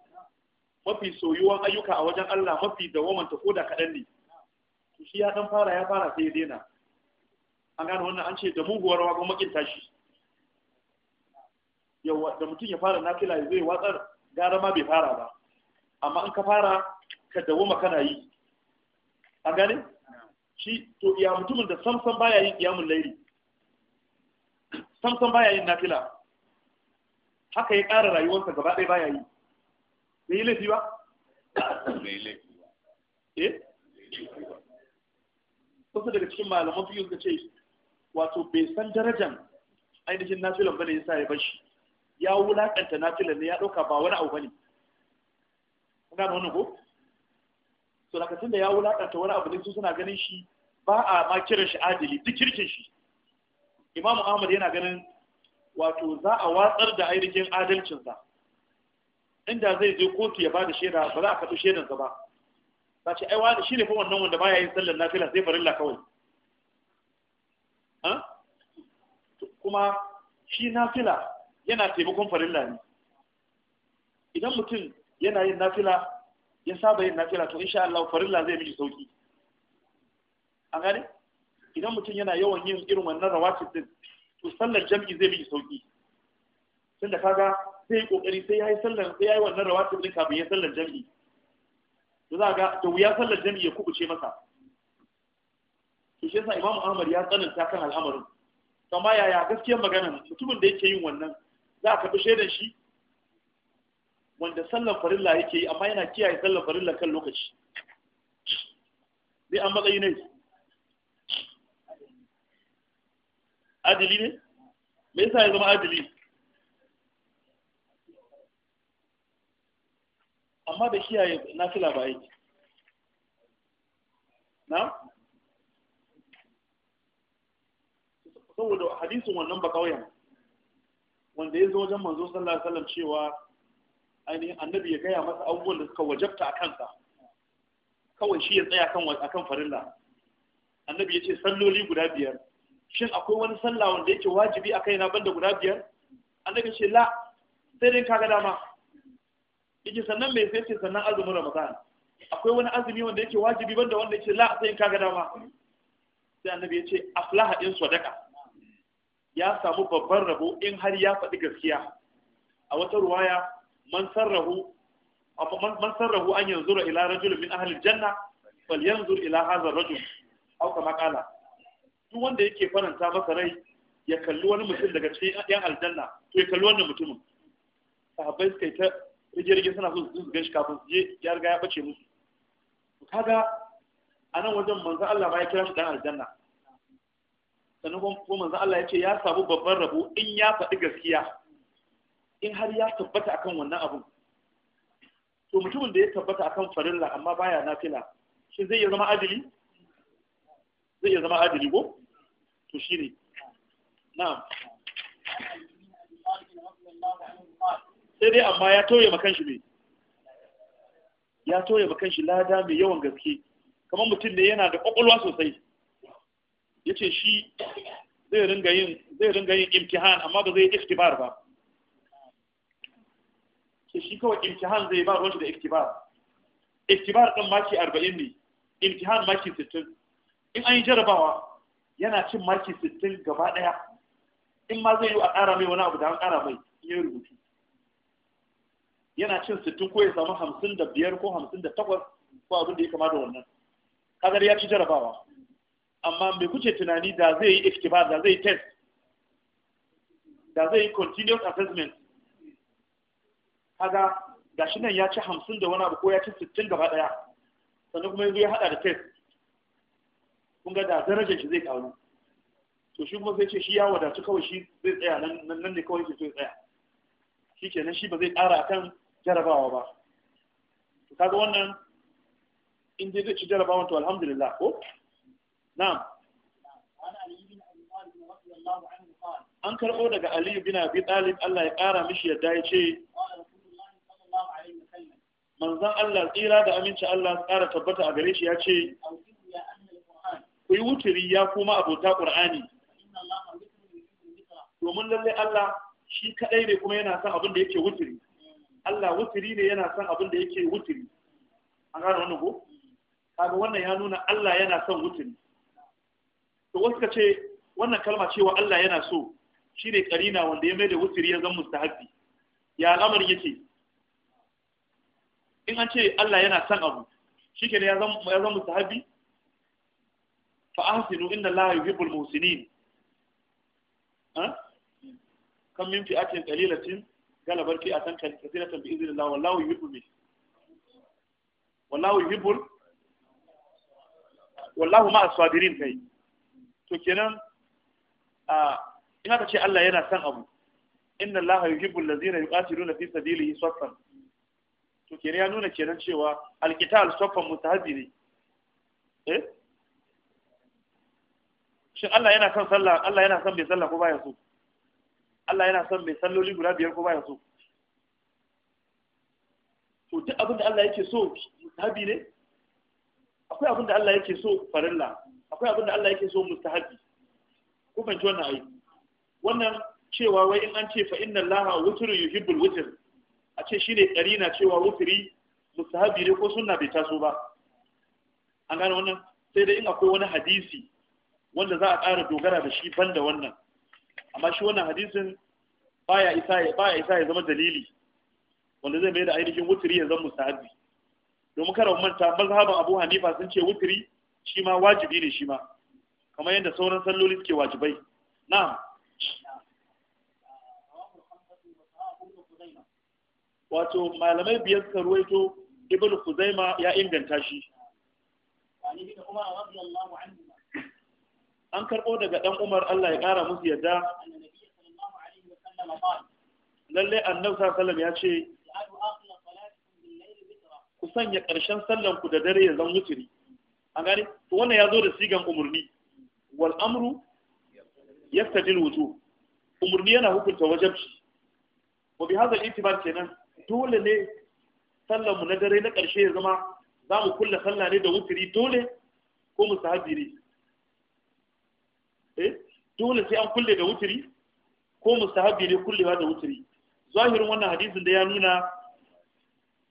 mafi soyuwan ayyuka a wajen Allah mafi dawamanta ko da kaɗan ne shi ya dan fara ya fara sai ya daina an gane wannan an ce da muguwar wa kuma makinta shi da mutum ya fara nafila ya zai watsar gara ma bai fara ba amma in ka fara ka ma kana yi A gane shi to ya mutumin da samsan baya yin kiyamun lairi samsan baya yin nafila haka ya ƙara rayuwarsa gaba ɗaya baya yi bai yi laifi ba eh wasu daga cikin malaman fiye suka ce wato bai san darajan ainihin nafilan bane yasa ya bar shi ya wulakanta nafila ne ya ɗauka ba wani abu bane Kuna da wani ko so lokacin da ya wulakanta wani abu ne su suna ganin shi ba a ma kiran shi adili duk kirkin shi imamu ahmad yana ganin wato za a watsar da ainihin adalcinsa inda zai je kotu ya bada shaida ba za a faɗi sa ba ta ce ai shi ne fa wannan wanda baya yin sallar nafila sai farilla kawai kuma shi nafila yana taimakon farilla ne idan mutum yana yin nafila ya saba yin nafila to insha Allah farilla zai miji sauki an gane idan mutum yana yawan yin irin wannan rawatib din to sallar jam'i zai miji sauki tunda kaga sai kokari sai yayi sallar sai yayi wannan rawatib din kafin ya sallar jam'i to za ga da wuya sallar jam'i ya kubuce masa shi yasa imamu Ahmad ya tsananta kan al'amarin amma yaya gaskiyar maganar mutumin da yake yin wannan za a karɓi shaidan shi wanda sallan farilla yake yi amma yana kiyaye sallan farilla kan lokaci zai an matsayi ne adili ne me yasa ya zama adili amma da kiyaye na fila ba yake na saboda hadisin wannan ba kauyen wanda ya zo wajen manzo sallallahu alaihi wasallam cewa ainihin annabi ya gaya masa abubuwan da suka wajabta a kansa kawai shi ya tsaya kan akan farilla annabi ya ce salloli guda biyar shin akwai wani sallah wanda yake wajibi a kaina banda guda biyar annabi ce la sai dai kaga dama yake sannan mai sai ce sannan azumin ramadan akwai wani azumi wanda yake wajibi banda wanda yake la sai kaga dama sai annabi ya ce aflaha in sadaqa ya samu babban rabo in har ya faɗi gaskiya a wata ruwaya man sarrahu an yanzu ra ila rajul min ahli janna yanzu ila hadha rajul aw kama qala duk wanda yake faranta masa rai ya kalli wani mutum daga cikin yan aljanna to ya kalli wannan mutumin sahabbai suka yi ta rige suna so su gan shi kafin su je ya riga ya bace musu kaga a nan wajen manzo Allah ma ya kira shi dan aljanna sannan kuma manzo Allah ya ce ya samu babban rabo in ya faɗi gaskiya in har ya tabbata akan wannan abun to mutumin da ya tabbata akan farilla amma baya nafila shi zai iya zama adili zai iya zama adili ko to ne na'am sai dai amma ya toye makan shi ne ya toye makan shi lada mai yawan gaske kamar mutum ne yana da kwakwalwa sosai ya ce shi zai ringa yin imtihan amma ba zai yi ba ce shi kawai imtihan zai ba ruwan shi da iktibar iktibar ɗin maki arba'in ne imtihan maki sittin in an yi jarabawa yana cin maki sittin gaba ɗaya in ma zai yi a ƙara mai wani abu da an ƙara mai in yi rubutu yana cin sittin ko ya samu hamsin da biyar ko hamsin da takwas ko abin da ya kama da wannan kadar ya ci jarabawa amma mai kuce tunani da zai yi iktibas da zai yi test da zai yi continuous assessment ga shi nan ya ci hamsin da wani abu ko ya ci sittin gaba daya sannan kuma yanzu ya hada da test kun ga da darajar shi zai karu to shi kuma zai ce shi ya wadatu kawai shi zai tsaya nan ne kawai shi zai tsaya shi kenan shi ba zai ƙara akan jarabawa ba to kaga wannan in dai zai ci jarabawan to alhamdulillah ko na'am an karɓo daga aliyu bin abi talib Allah ya ƙara mishi yadda ya ce manzon Allah tsira da aminci Allah ƙara tabbata a gare shi ya ce ku yi wuturi ya kuma abota ƙur'ani domin lalle Allah shi kaɗai ne kuma yana son abin da yake wuturi Allah wuturi ne yana son abin da yake wuturi an gane wannan ko kaga wannan ya nuna Allah yana son wuturi to wasu ka ce wannan kalma cewa Allah yana so shi ne karina wanda ya mai da wusiri ya zama mustahabbi ya al'amar yake in an ce Allah yana son abu shi ke ya zama mustahabbi fa ahsinu inna Allah yuhibbul muhsinin kan min fi'atin qalilatin galabar fi'atan kathiratan bi idhnillah wallahu yuhibbul wallahu yuhibbul wallahu ma'a sabirin kai to kenan a in aka ce Allah yana son abu inna Allah yuhibbu allazina yuqatiluna fi sabilihi saffan to kenan ya nuna kenan cewa alqital saffan mustahabi ne eh shin Allah yana son sallah Allah yana son mai sallah ko baya so Allah yana son mai salloli guda biyar ko baya so to duk abin da Allah yake so mutahabbi ne akwai abin da Allah yake so farilla akwai abin da Allah yake so mustahabi ku fahimci wannan ai wannan cewa wai in an ce fa inna allaha wutru yuhibbul wutr a ce shine na cewa wutri mustahabi ne ko sunna bai taso ba an gane wannan sai dai in akwai wani hadisi wanda za a ƙara dogara da shi banda wannan amma shi wannan hadisin baya isa ya baya isa ya zama dalili wanda zai mai da ainihin wutri ya zama mustahabi domin kada mu manta mazhaban Abu Hanifa sun ce wutri shi ma wajibi ne shi ma kamar yadda sauran salloli suke wajibai Na. wato malamai biyar suka ruwaito ibn kuzaima ya inganta shi an karɓo daga ɗan umar allah ya ƙara musu yadda lallai annabi salam ya ce ku sanya ƙarshen sallanku da dare ya zan wuturi an gani to wannan ya zo da sigan umarni wal amru yaftadil wujuh umarni yana hukunta wajabci wa bi hadha al-i'tibar kenan dole ne sallar na dare na karshe ya zama za mu kulla sallah ne da wutiri dole ko mustahabi ne eh dole sai an kulle da wutiri ko mustahabi ne kullewa da wutiri zahirin wannan hadisin da ya nuna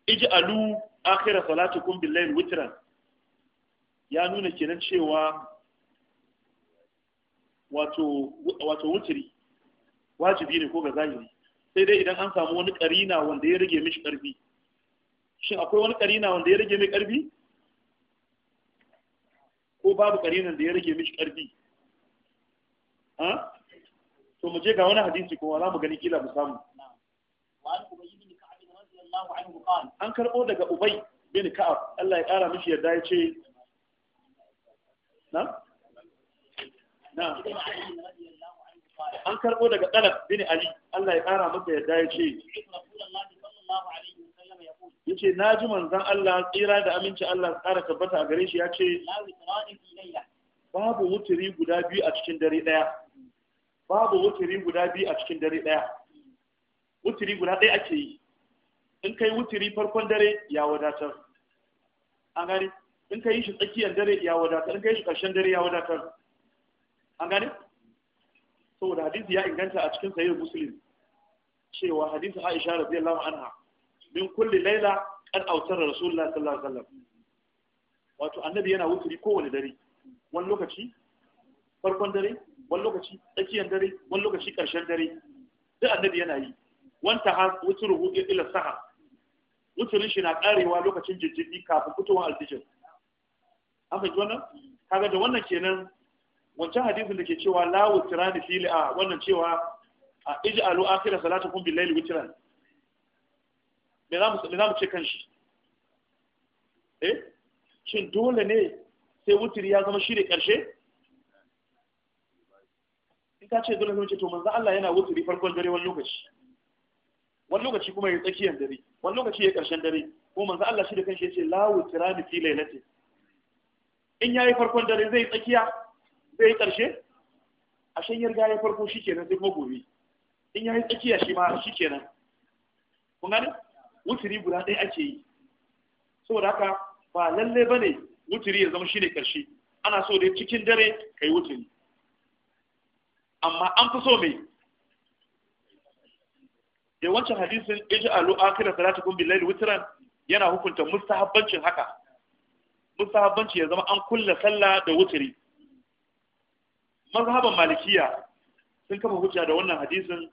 ij'alu akhira salatikum bil-layl witran ya nuna kenan cewa wato wuturi wajibi ne ko ga zahiri sai dai idan an samu wani karina wanda ya rage mishi karfi shin akwai wani karina wanda ya rage mai karfi ko babu karinan da ya rage mishi karfi ha to mu je ga wani hadisi ko za mu gani kila mu samu an karbo daga ubay bin ka'ab Allah ya kara mishi yarda ya ce na na an karbo daga talab bin ali Allah ya kara masa ya yace na ji manzon Allah tsira da aminci Allah tsara tabbata a gare shi ya ce babu wuturi guda biyu a cikin dare daya babu wuturi guda biyu a cikin dare daya wuturi guda ɗaya ake yi in kai wuturi farkon dare ya wadatar an gani in ka yi shi tsakiyar dare ya wadatar in ka yi shi ƙarshen dare ya wadatar an gane saboda hadisi ya inganta a cikin sahih muslim cewa hadisi Aisha radiyallahu anha min kulli laila qad autar rasulullahi sallallahu alaihi wasallam wato annabi yana wuturi kowane dare wani lokaci farkon dare wani lokaci tsakiyar dare wani lokaci ƙarshen dare duk annabi yana yi wanta ha wuturu ila saha wuturin shi na karewa lokacin jijjigi kafin fitowar alfijir an fahimci wannan kaga da wannan kenan wancan hadisin da ke cewa la da fili a wannan cewa a ij'alu akhira salatukum bil layli wutra me za mu me za mu ce kanshi eh shin dole ne sai wutri ya zama shi karshe in ka ce dole ne ce to manzo Allah yana wutri farkon dare wani lokaci wani lokaci kuma ya tsakiyar dare wani lokaci ya karshen dare ko manzo Allah shi da kanshi ya ce la wutrani fil laylati in ya yi farkon dare zai tsakiya zai ƙarshe a shan yarga ya farko shi kenan sai kuma gobe in ya yi tsakiya shi ma shi kenan kun gane wuturi guda ɗaya ake yi saboda haka ba lalle ba ne wuturi ya zama shi ne ƙarshe ana so dai cikin dare ka yi wuturi amma an fi so mai da eh, wancan hadisin iji alu akira salatu kun Bilal yana hukunta mustahabbancin haka mustahabbanci ya zama an kulla sallah da wuturi mazhaban malikiya sun kafa hujja da wannan hadisin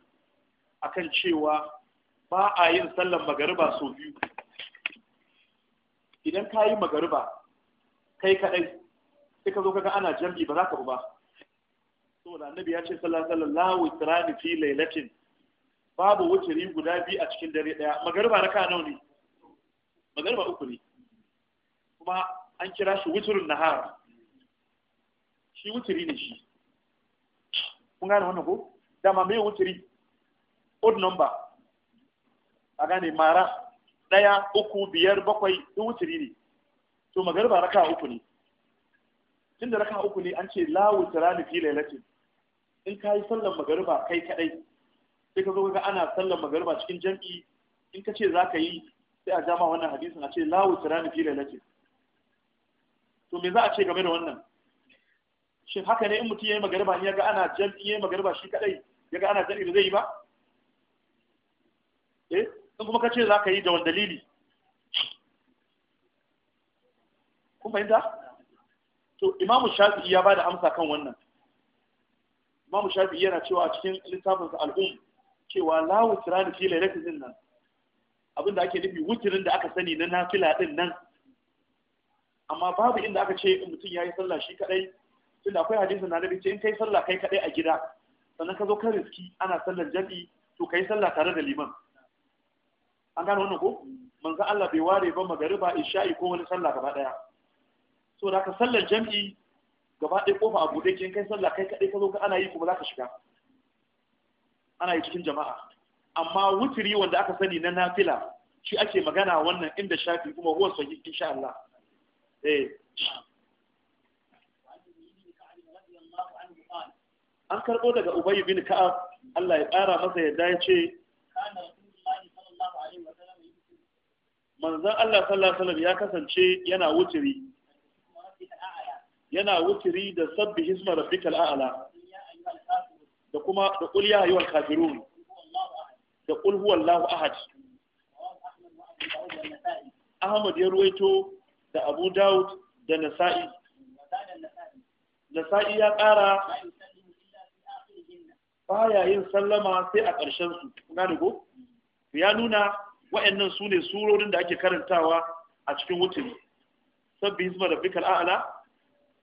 akan cewa ba a yin sallan magariba sau biyu idan ka yi magariba kai kadai sai ka zo kaga ana jam'i ba za ka ba saboda annabi ya ce sallallahu alaihi wasallam witrani fi lailatin babu wuturi guda biyu a cikin dare daya magariba raka nawa ne magariba uku ne kuma an kira shi wuturin hara shi wuturi ne shi kun gane wannan ko dama mai wuturi odd number a gane mara ɗaya uku biyar bakwai duk wuturi ne to magarba raka uku ne tun da raka uku ne an ce la wutura ni fi lailatin in ka yi sallan magarba kai kadai sai ka zo ga ana sallan magarba cikin jam'i in ka ce za ka yi sai a jama wannan hadisin a ce la wutura ni fi lailatin to me za a ce game da wannan shin haka ne in mutum ya yi magariba ya ga ana jam'i shi kadai ya ga ana jam'i ba zai yi ba eh in kuma ka ce za ka yi da wani dalili kun fahimta to imamu shafi'i ya bada amsa kan wannan imamu shafi'i yana cewa a cikin littafinsa al'um cewa la wutirani da lailatin nan abinda ake nufi wutirin da aka sani na nafila din nan amma babu inda aka ce in mutum ya yi sallah shi kadai tunda akwai hadisin na nabi ce in kai sallah kai kadai a gida sannan ka zo kan riski ana sallar jami'i to kai sallah tare da liman an gano wannan ko manzo Allah bai ware ba magariba isha'i ko wani sallah gaba daya so da ka sallar jami'i gaba ɗaya kofa a buɗe kin kai sallah kai kadai ka zo ka ana yi kuma za ka shiga ana yi cikin jama'a amma wutiri wanda aka sani na nafila shi ake magana wannan inda shafi kuma huwa sahih insha Allah Eh. an karɓo daga ubay bin ka'ab Allah ya ƙara masa yadda ya ce manzan Allah sallallahu alaihi ya kasance yana wuturi yana wuturi da sabbi hisma rabbikal a'la da kuma da qul ya ayyuhal kafirun da qul huwallahu ahad Ahmad ya ruwaito da abu daud da nasa'i nasa'i ya ƙara baya yin sallama sai a ƙarshen su kuna da go ya nuna wa'annan su ne surorin da ake karantawa a cikin wuturi sabbi hizma rabbika al'ala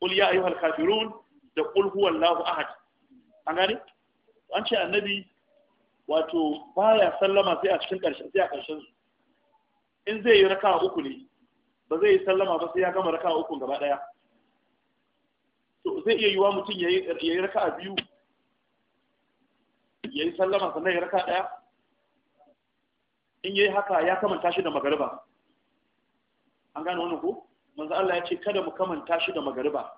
qul ya ayyuhal kafirun da qul huwallahu ahad an gane an ce annabi wato baya sallama sai a cikin ƙarshen sai a ƙarshen su in zai yi raka'a uku ne ba zai yi sallama ba sai ya gama raka'a uku gaba daya to zai iya yiwa mutum ya yi raka'a biyu ya yi sallama sannan ya raka'a daya in yi haka ya kamanta shi da magariba an gane wani ko manzo Allah ya ce kada mu kamanta shi da magariba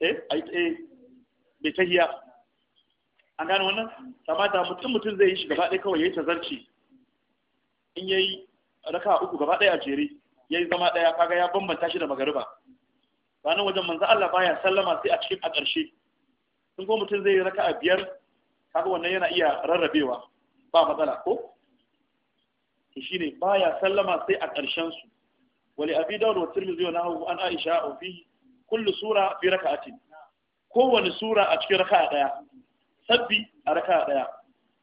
eh ai eh bai tahiya an gane wannan kamata mutum mutum zai yi shi gaba ɗaya kawai ya yi tazarci in yayi raka uku gaba ɗaya a jere ya yi zama ɗaya kaga ya bambanta shi da magariba ranar wajen manzo Allah baya sallama sai a cikin a ƙarshe sun ko mutum zai yi raka a biyar kaga wannan yana iya rarrabewa ba matsala ko to shine baya sallama sai a ƙarshen su wali abi dawud wa tirmidhi wa nahu an aisha wa fi kullu sura fi raka'atin kowane sura a cikin raka'a daya sabbi a raka'a daya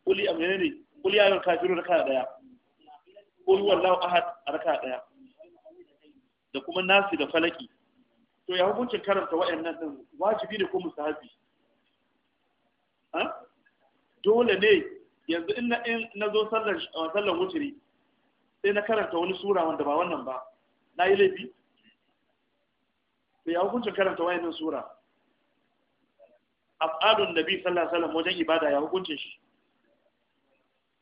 kuli amene ne kuli ayyul kafiru raka'a daya ko wallahu ahad a raka daya da kuma nasi da falaki to ya hukuncin karanta wayannan din wajibi ne ko mustahabi ha dole ne yanzu in na in sallar sallar wuturi sai na karanta wani sura wanda ba wannan ba na yi laifi to ya hukuncin karanta wayannan sura af'alun nabi sallallahu alaihi wasallam wajen ibada ya hukuncin shi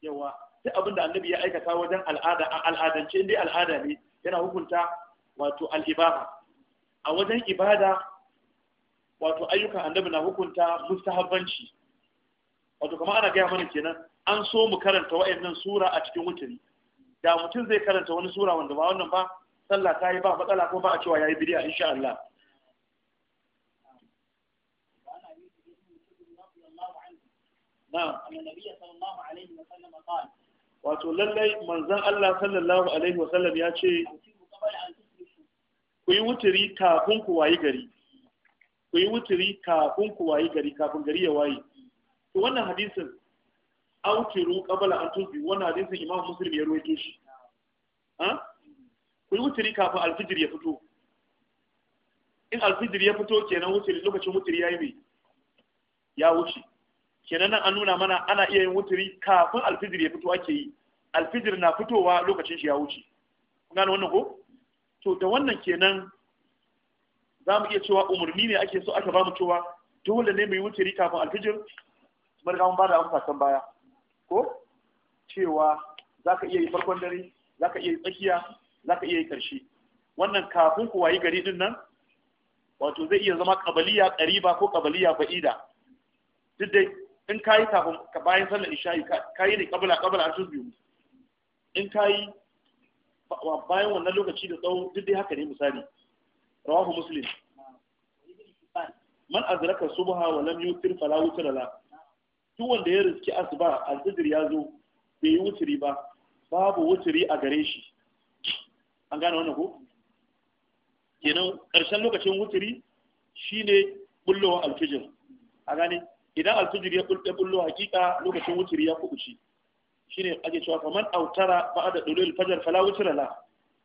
yawa duk abin da annabi ya aikata wajen al'ada al'adance dai al'ada ne yana hukunta wato al'ibaha a wajen ibada wato ayyuka annabi na hukunta mustahabbanci wato kamar ana gaya mana kenan an so mu karanta wa'annan sura a cikin wuturi da mutum zai karanta wani sura wanda ba wannan ba sallah ta yi ba matsala ko ba a cewa yayi bidiya insha Allah na'am wato lallai manzon Allah sallallahu alaihi wasallam ya ce ku yi wuturi kafin ku wayi gari ku yi wuturi kafin ku wayi gari kafin gari ya waye to wannan hadisin autiru qabla an tubi wannan hadisin Imam Muslim ya rawaito shi ha ku yi wuturi kafin alfijir ya fito in alfijir ya fito kenan wuturi lokacin wuturi yayi ne, ya wuce kenan nan an nuna mana ana iya yin wuturi kafin alfijir ya fito ake yi alfijir na fitowa lokacin shi ya wuce kun gane wannan ko to da wannan kenan za mu iya cewa umarni ne ake so aka ba mu cewa dole ne mu yi wuturi kafin alfijir mun ga mun ba da amsa kan baya ko cewa za ka iya yi farkon dare za ka iya yi tsakiya za ka iya yi ƙarshe wannan kafin ku wayi gari din nan wato zai iya zama kabaliya ƙariba ko kabaliya ba'ida duk dai in ka yi kafin bayan sallar isha'i ka yi ne kabla kabla a biyu in ka yi bayan wannan lokaci da tsawo duk dai haka ne misali rawahu muslim man azraka subha wa lam yutir fala wutra la duk wanda ya riski asuba al ya zo bai yi ba babu wutiri a gare shi an gane wannan ko kenan karshen lokacin wutiri shine bullowa alfijir a gane idan alfijir ya kulɓe kullo hakika lokacin wuturi ya kubuci shine ake cewa man autara ba da dulul fajr fala wutura la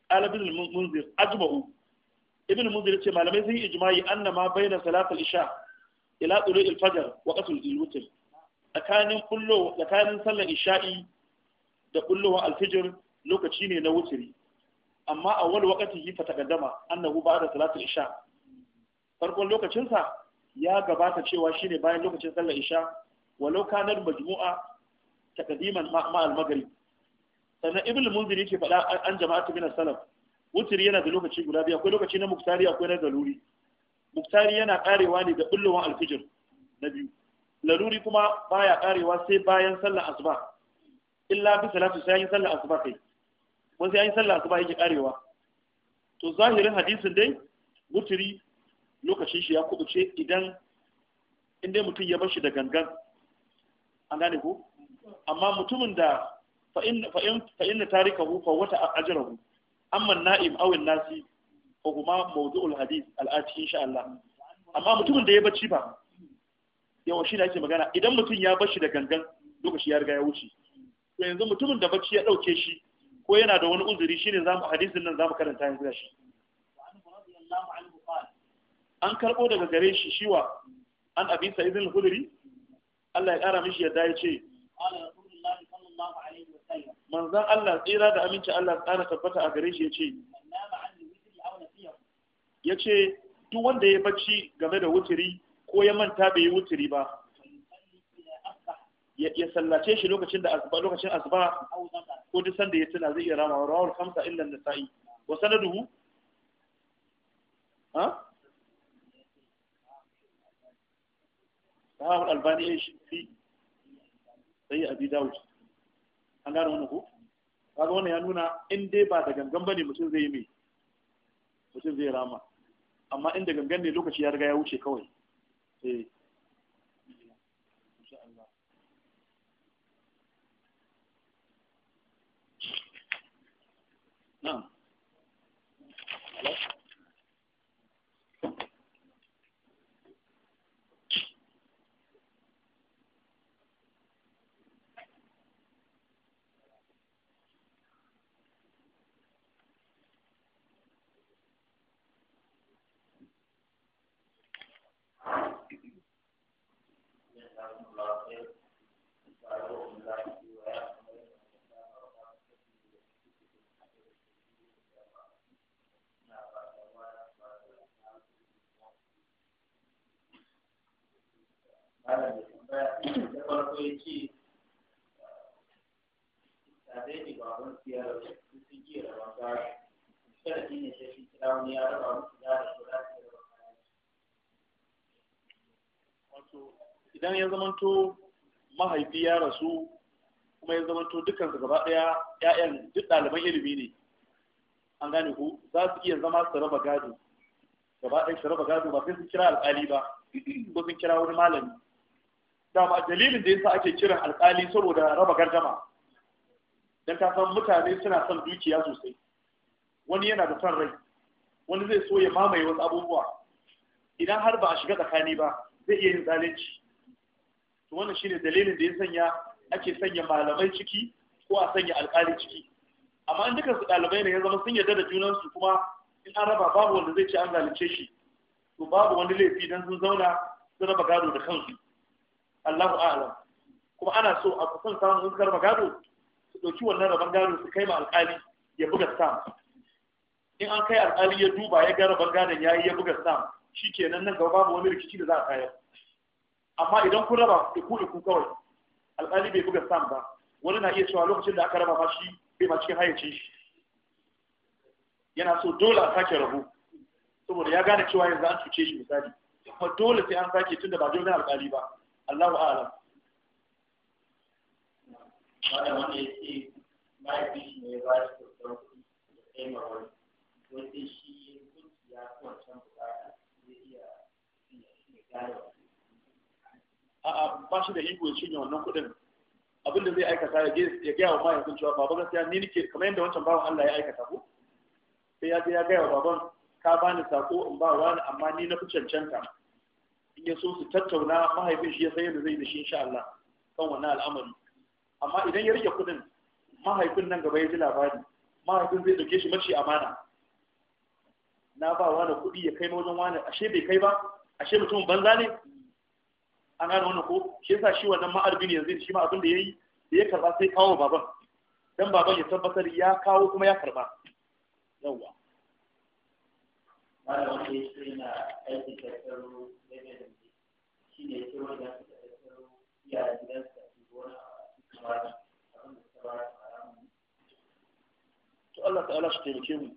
alabul munzir ajma'u ibn munzir ce malamai sun yi ijma'i Annama ma bayna salatul isha ila dulul fajr wa qatul wutr tsakanin kullo tsakanin sallar isha'i da kullowar alfijir lokaci ne na wuturi amma a wani wakati yi fata gaddama annahu ba'da salatul isha farkon lokacinsa ya gabata cewa shi ne bayan lokacin sallar isha walau kanar majmu'a ta kadiman ma'al magari sannan ibn munzir yake faɗa an jama'atu min salaf wutri yana da lokaci guda biyu akwai lokaci na muktari akwai na daluri muktari yana karewa ne da bullowan alfijir na biyu laluri kuma baya karewa sai bayan sallar asuba illa bi salatu sai yin sallar asuba kai ko sai yin sallar asuba yake karewa to zahirin hadisin dai wutri lokacin shi ya kubuce idan inda mutum ya bashi da gangan an gane ku amma mutumin da fa'in na tarika hu fa wata ajirahu amma na'im awin nasi ko kuma mawdu'ul hadith al'ati insha Allah amma mutumin da ya bacci ba yawon shi da ake magana idan mutum ya bashi da gangan lokaci ya riga ya wuce yanzu mutumin da bacci ya dauke shi ko yana da wani uzuri shine zamu hadisin nan zamu karanta yanzu da shi an karbo daga gare shi shiwa an abin sa al huduri? Allah ya ƙara mishi yadda ya ce manzan Allah tsira da aminci Allah tsara tabbata a gare shi ya ce ya ce duk wanda ya bacci game da wuturi ko ya manta bai yi wuturi ba ya sallace shi lokacin da asuba lokacin asuba ko duk sanda ya tuna zai iya rama rawar kamsa illa nasa'i wa sanaduhu ha sahahu albani ya shi fi sai abi dawud an wannan ko kaga wannan ya nuna in dai ba da gangan bane mutum zai yi mai mutum zai rama amma inda gangan ne lokaci ya riga ya wuce kawai Huh. Eh. ya wato idan ya zamanto mahaifi ya rasu kuma ya zamanto dukkan su gaba daya ƴaƴan duk ɗaliban ilimi ne an gane ku za su iya zama su raba gado gaba ɗaya su raba gado ba sai sun kira alƙali ba ko sun kira wani malami dama dalilin da yasa ake kiran alƙali saboda raba gardama dan ka san mutane suna son dukiya sosai wani yana da son rai wani zai so ya mamaye wasu abubuwa idan har ba a shiga tsakani ba zai iya yin zalunci to wannan shine dalilin da ya sanya ake sanya malamai ciki ko a sanya alƙali ciki amma in dukansu su ɗalibai ne ya zama sun yarda da junansu kuma in an raba babu wanda zai ce an zalunce shi to babu wani laifi dan sun zauna sun raba gado da kansu Allahu a'lam kuma ana so a kusan samun sun raba gado su ɗauki wannan raban gado su kai ma alƙali ya buga samu in an kai alƙali ya duba ya gara ya yayi ya buga shi kenan nan gaba babu wani rikici da za a kayar amma idan kun raba iku iku kawai alƙali bai buga sam ba wani na iya cewa lokacin da aka raba ma shi bai ma cikin hayyacin shi yana so dole a sake rabu saboda ya gane cewa yanzu an cuce shi misali kuma dole sai an sake tun da ba dole alƙali ba Allahu a'lam wanda ya ce mahaifin ne ya ba shi kyautar kuɗi da taimakon. wai shi ya fi wancan bukata zai iya a'a ba shi da iko ya cinye wannan kuɗin abin da zai aikata ya gaya wa mahaifin cewa baba gaskiya ni nike kamar yadda wancan bawan Allah ya aikata ko sai ya je ya gaya wa baban ka bani sako in ba wani amma ni na fi cancanta in ya so su tattauna mahaifin shi ya san yadda zai da shi insha Allah kan wannan al'amari amma idan ya rike kuɗin mahaifin nan gaba ya ji labari mahaifin zai dauke shi mace amana na ba wani kuɗi ya kai wajen wani ashe bai kai ba ashe mutum banza ne an gane wani ko shi yasa shi wannan ma'arbin yanzu shi ma abin da ya yi da ya karba sai kawo baban dan baban ya tabbatar ya kawo kuma ya karba yawwa wanda wani ya ce na aiki tattaro da ne shi ne ya ce wani ya tattaro ya gidansa to Allah ta'ala shi taimake mu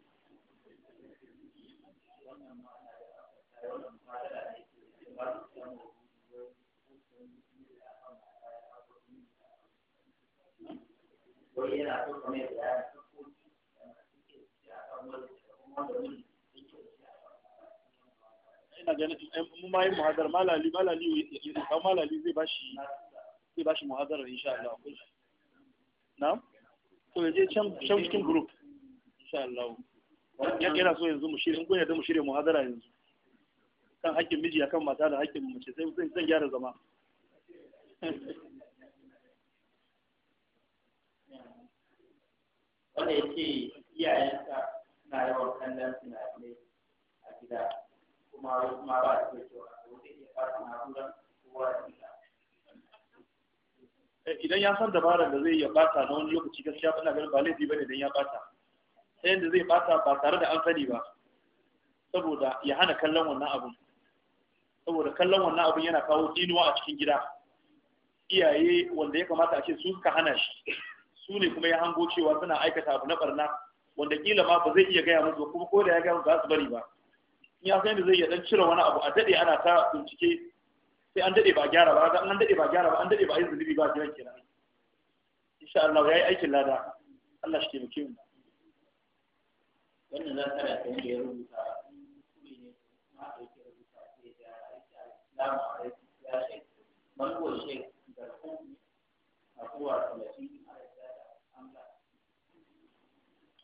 ina ganin mu ma yi muhadar malali malali kawo malali zai bashi zai bashi muhadarar insha Allah na to yaje can can cikin group insha Allah yana so yanzu mu shirya in kun yarda mu shirya muhadara yanzu kan haƙƙin miji akan mata da haƙƙin mace sai zan gyara zama wanda ya ce iyayensa suna yawan kallon sinadari a gida kuma ma ba su da kyau a wani iya fara na'urar kowa da gida eh, idan ya san dabarar da zai iya bata na wani lokaci gaskiya na ganin ba laifi bane idan ya bata ta yadda zai bata ba tare da an sani ba saboda ya hana kallon wannan abun saboda kallon wannan abun yana kawo dinuwa a cikin gida iyaye wanda ya kamata a ce su suka hana shi su ne kuma ya hango cewa suna aikata abu na barna wanda kila ma ba zai iya gaya musu kuma ko da ya gaya musu ba su bari ba in ya san da zai iya dan cire wani abu a dade ana ta bincike sai an dade ba gyara ba an dade ba gyara ba an dade ba yi zunubi ba jiran kenan insha Allah yayi aikin lada Allah shi ke mu wannan za na karanta yadda ya rubuta a kuma ne kuma a ɗauke rubuta ke da islamu a rai ya shek mango shek da kuma a kowa talatin a rai da amla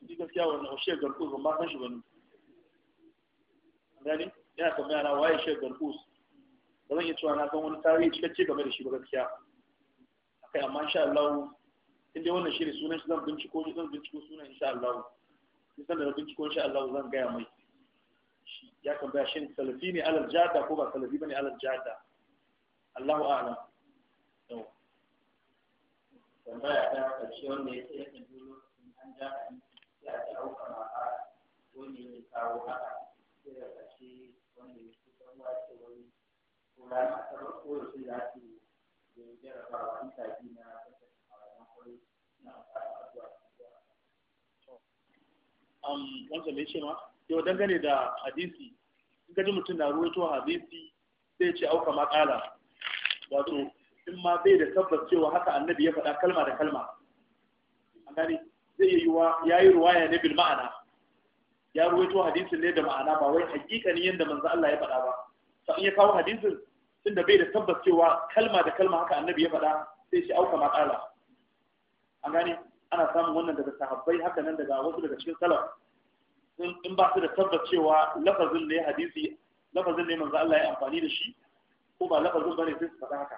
duk gaskiya wannan shek garkus ban ma san shi ba bane gani yana tambaya na waye shek garkus ba zan iya cewa na san wani tarihi cikakke game da shi ba gaskiya akai amma insha Allah in dai wannan shi ne sunan shi zan binciko zan binciko sunan insha Allah nisan da na binciko sha Allah zan gaya mai ya tambaya shin salafi ne alal jata ko ba salafi bane alal jata Allahu a'lam to tambaya ta karshe wanda ya ce yake an ja ya ta auka ma ko ne ya kawo haka sai ya karshe wanda ya ce dan wa ce wani ko la ta ko ya ce ya jira ba wani tafi na ta ta na wanda mai ce ma yau dangane da hadisi in gaji mutum na ruwaito hadisi zai ce auka makala, wato in ma bai da tabbas cewa haka annabi ya faɗa kalma da kalma an gani zai yi wa ya yi ruwaya ne bil ma'ana ya ruwaito hadisin ne da ma'ana ba wai hakikanin yadda manzo Allah ya faɗa ba to in ya kawo hadisin tunda bai da tabbas cewa kalma da kalma haka annabi ya faɗa sai shi auka makala kala an ana samun wannan daga sahabbai haka nan daga wasu daga cikin salaf in ba su da tabbacewa lafazin ne hadisi lafazin ne manzo Allah ya amfani da shi ko ba lafazin bane sai su faɗa haka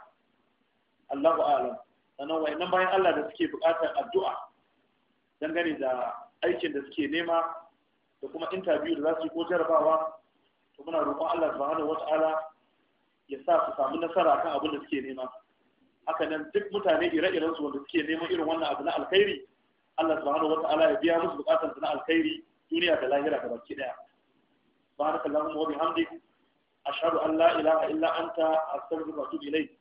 Allahu a'lam sannan wai nan bayan Allah da suke buƙatar addu'a dangane da aikin da suke nema da kuma interview da za su yi ko jarabawa to muna roƙon Allah subhanahu wata'ala ya sa su samu nasara kan abin da suke nema haka nan duk mutane ire-iren su wanda suke neman irin wannan abu na alkhairi Allah subhanahu wata'ala ya biya musu bukatar su na alkhairi duniya da lahira da baki daya subhanakallahumma wa bihamdik ashhadu an la ilaha illa anta astaghfiruka wa atubu ilayk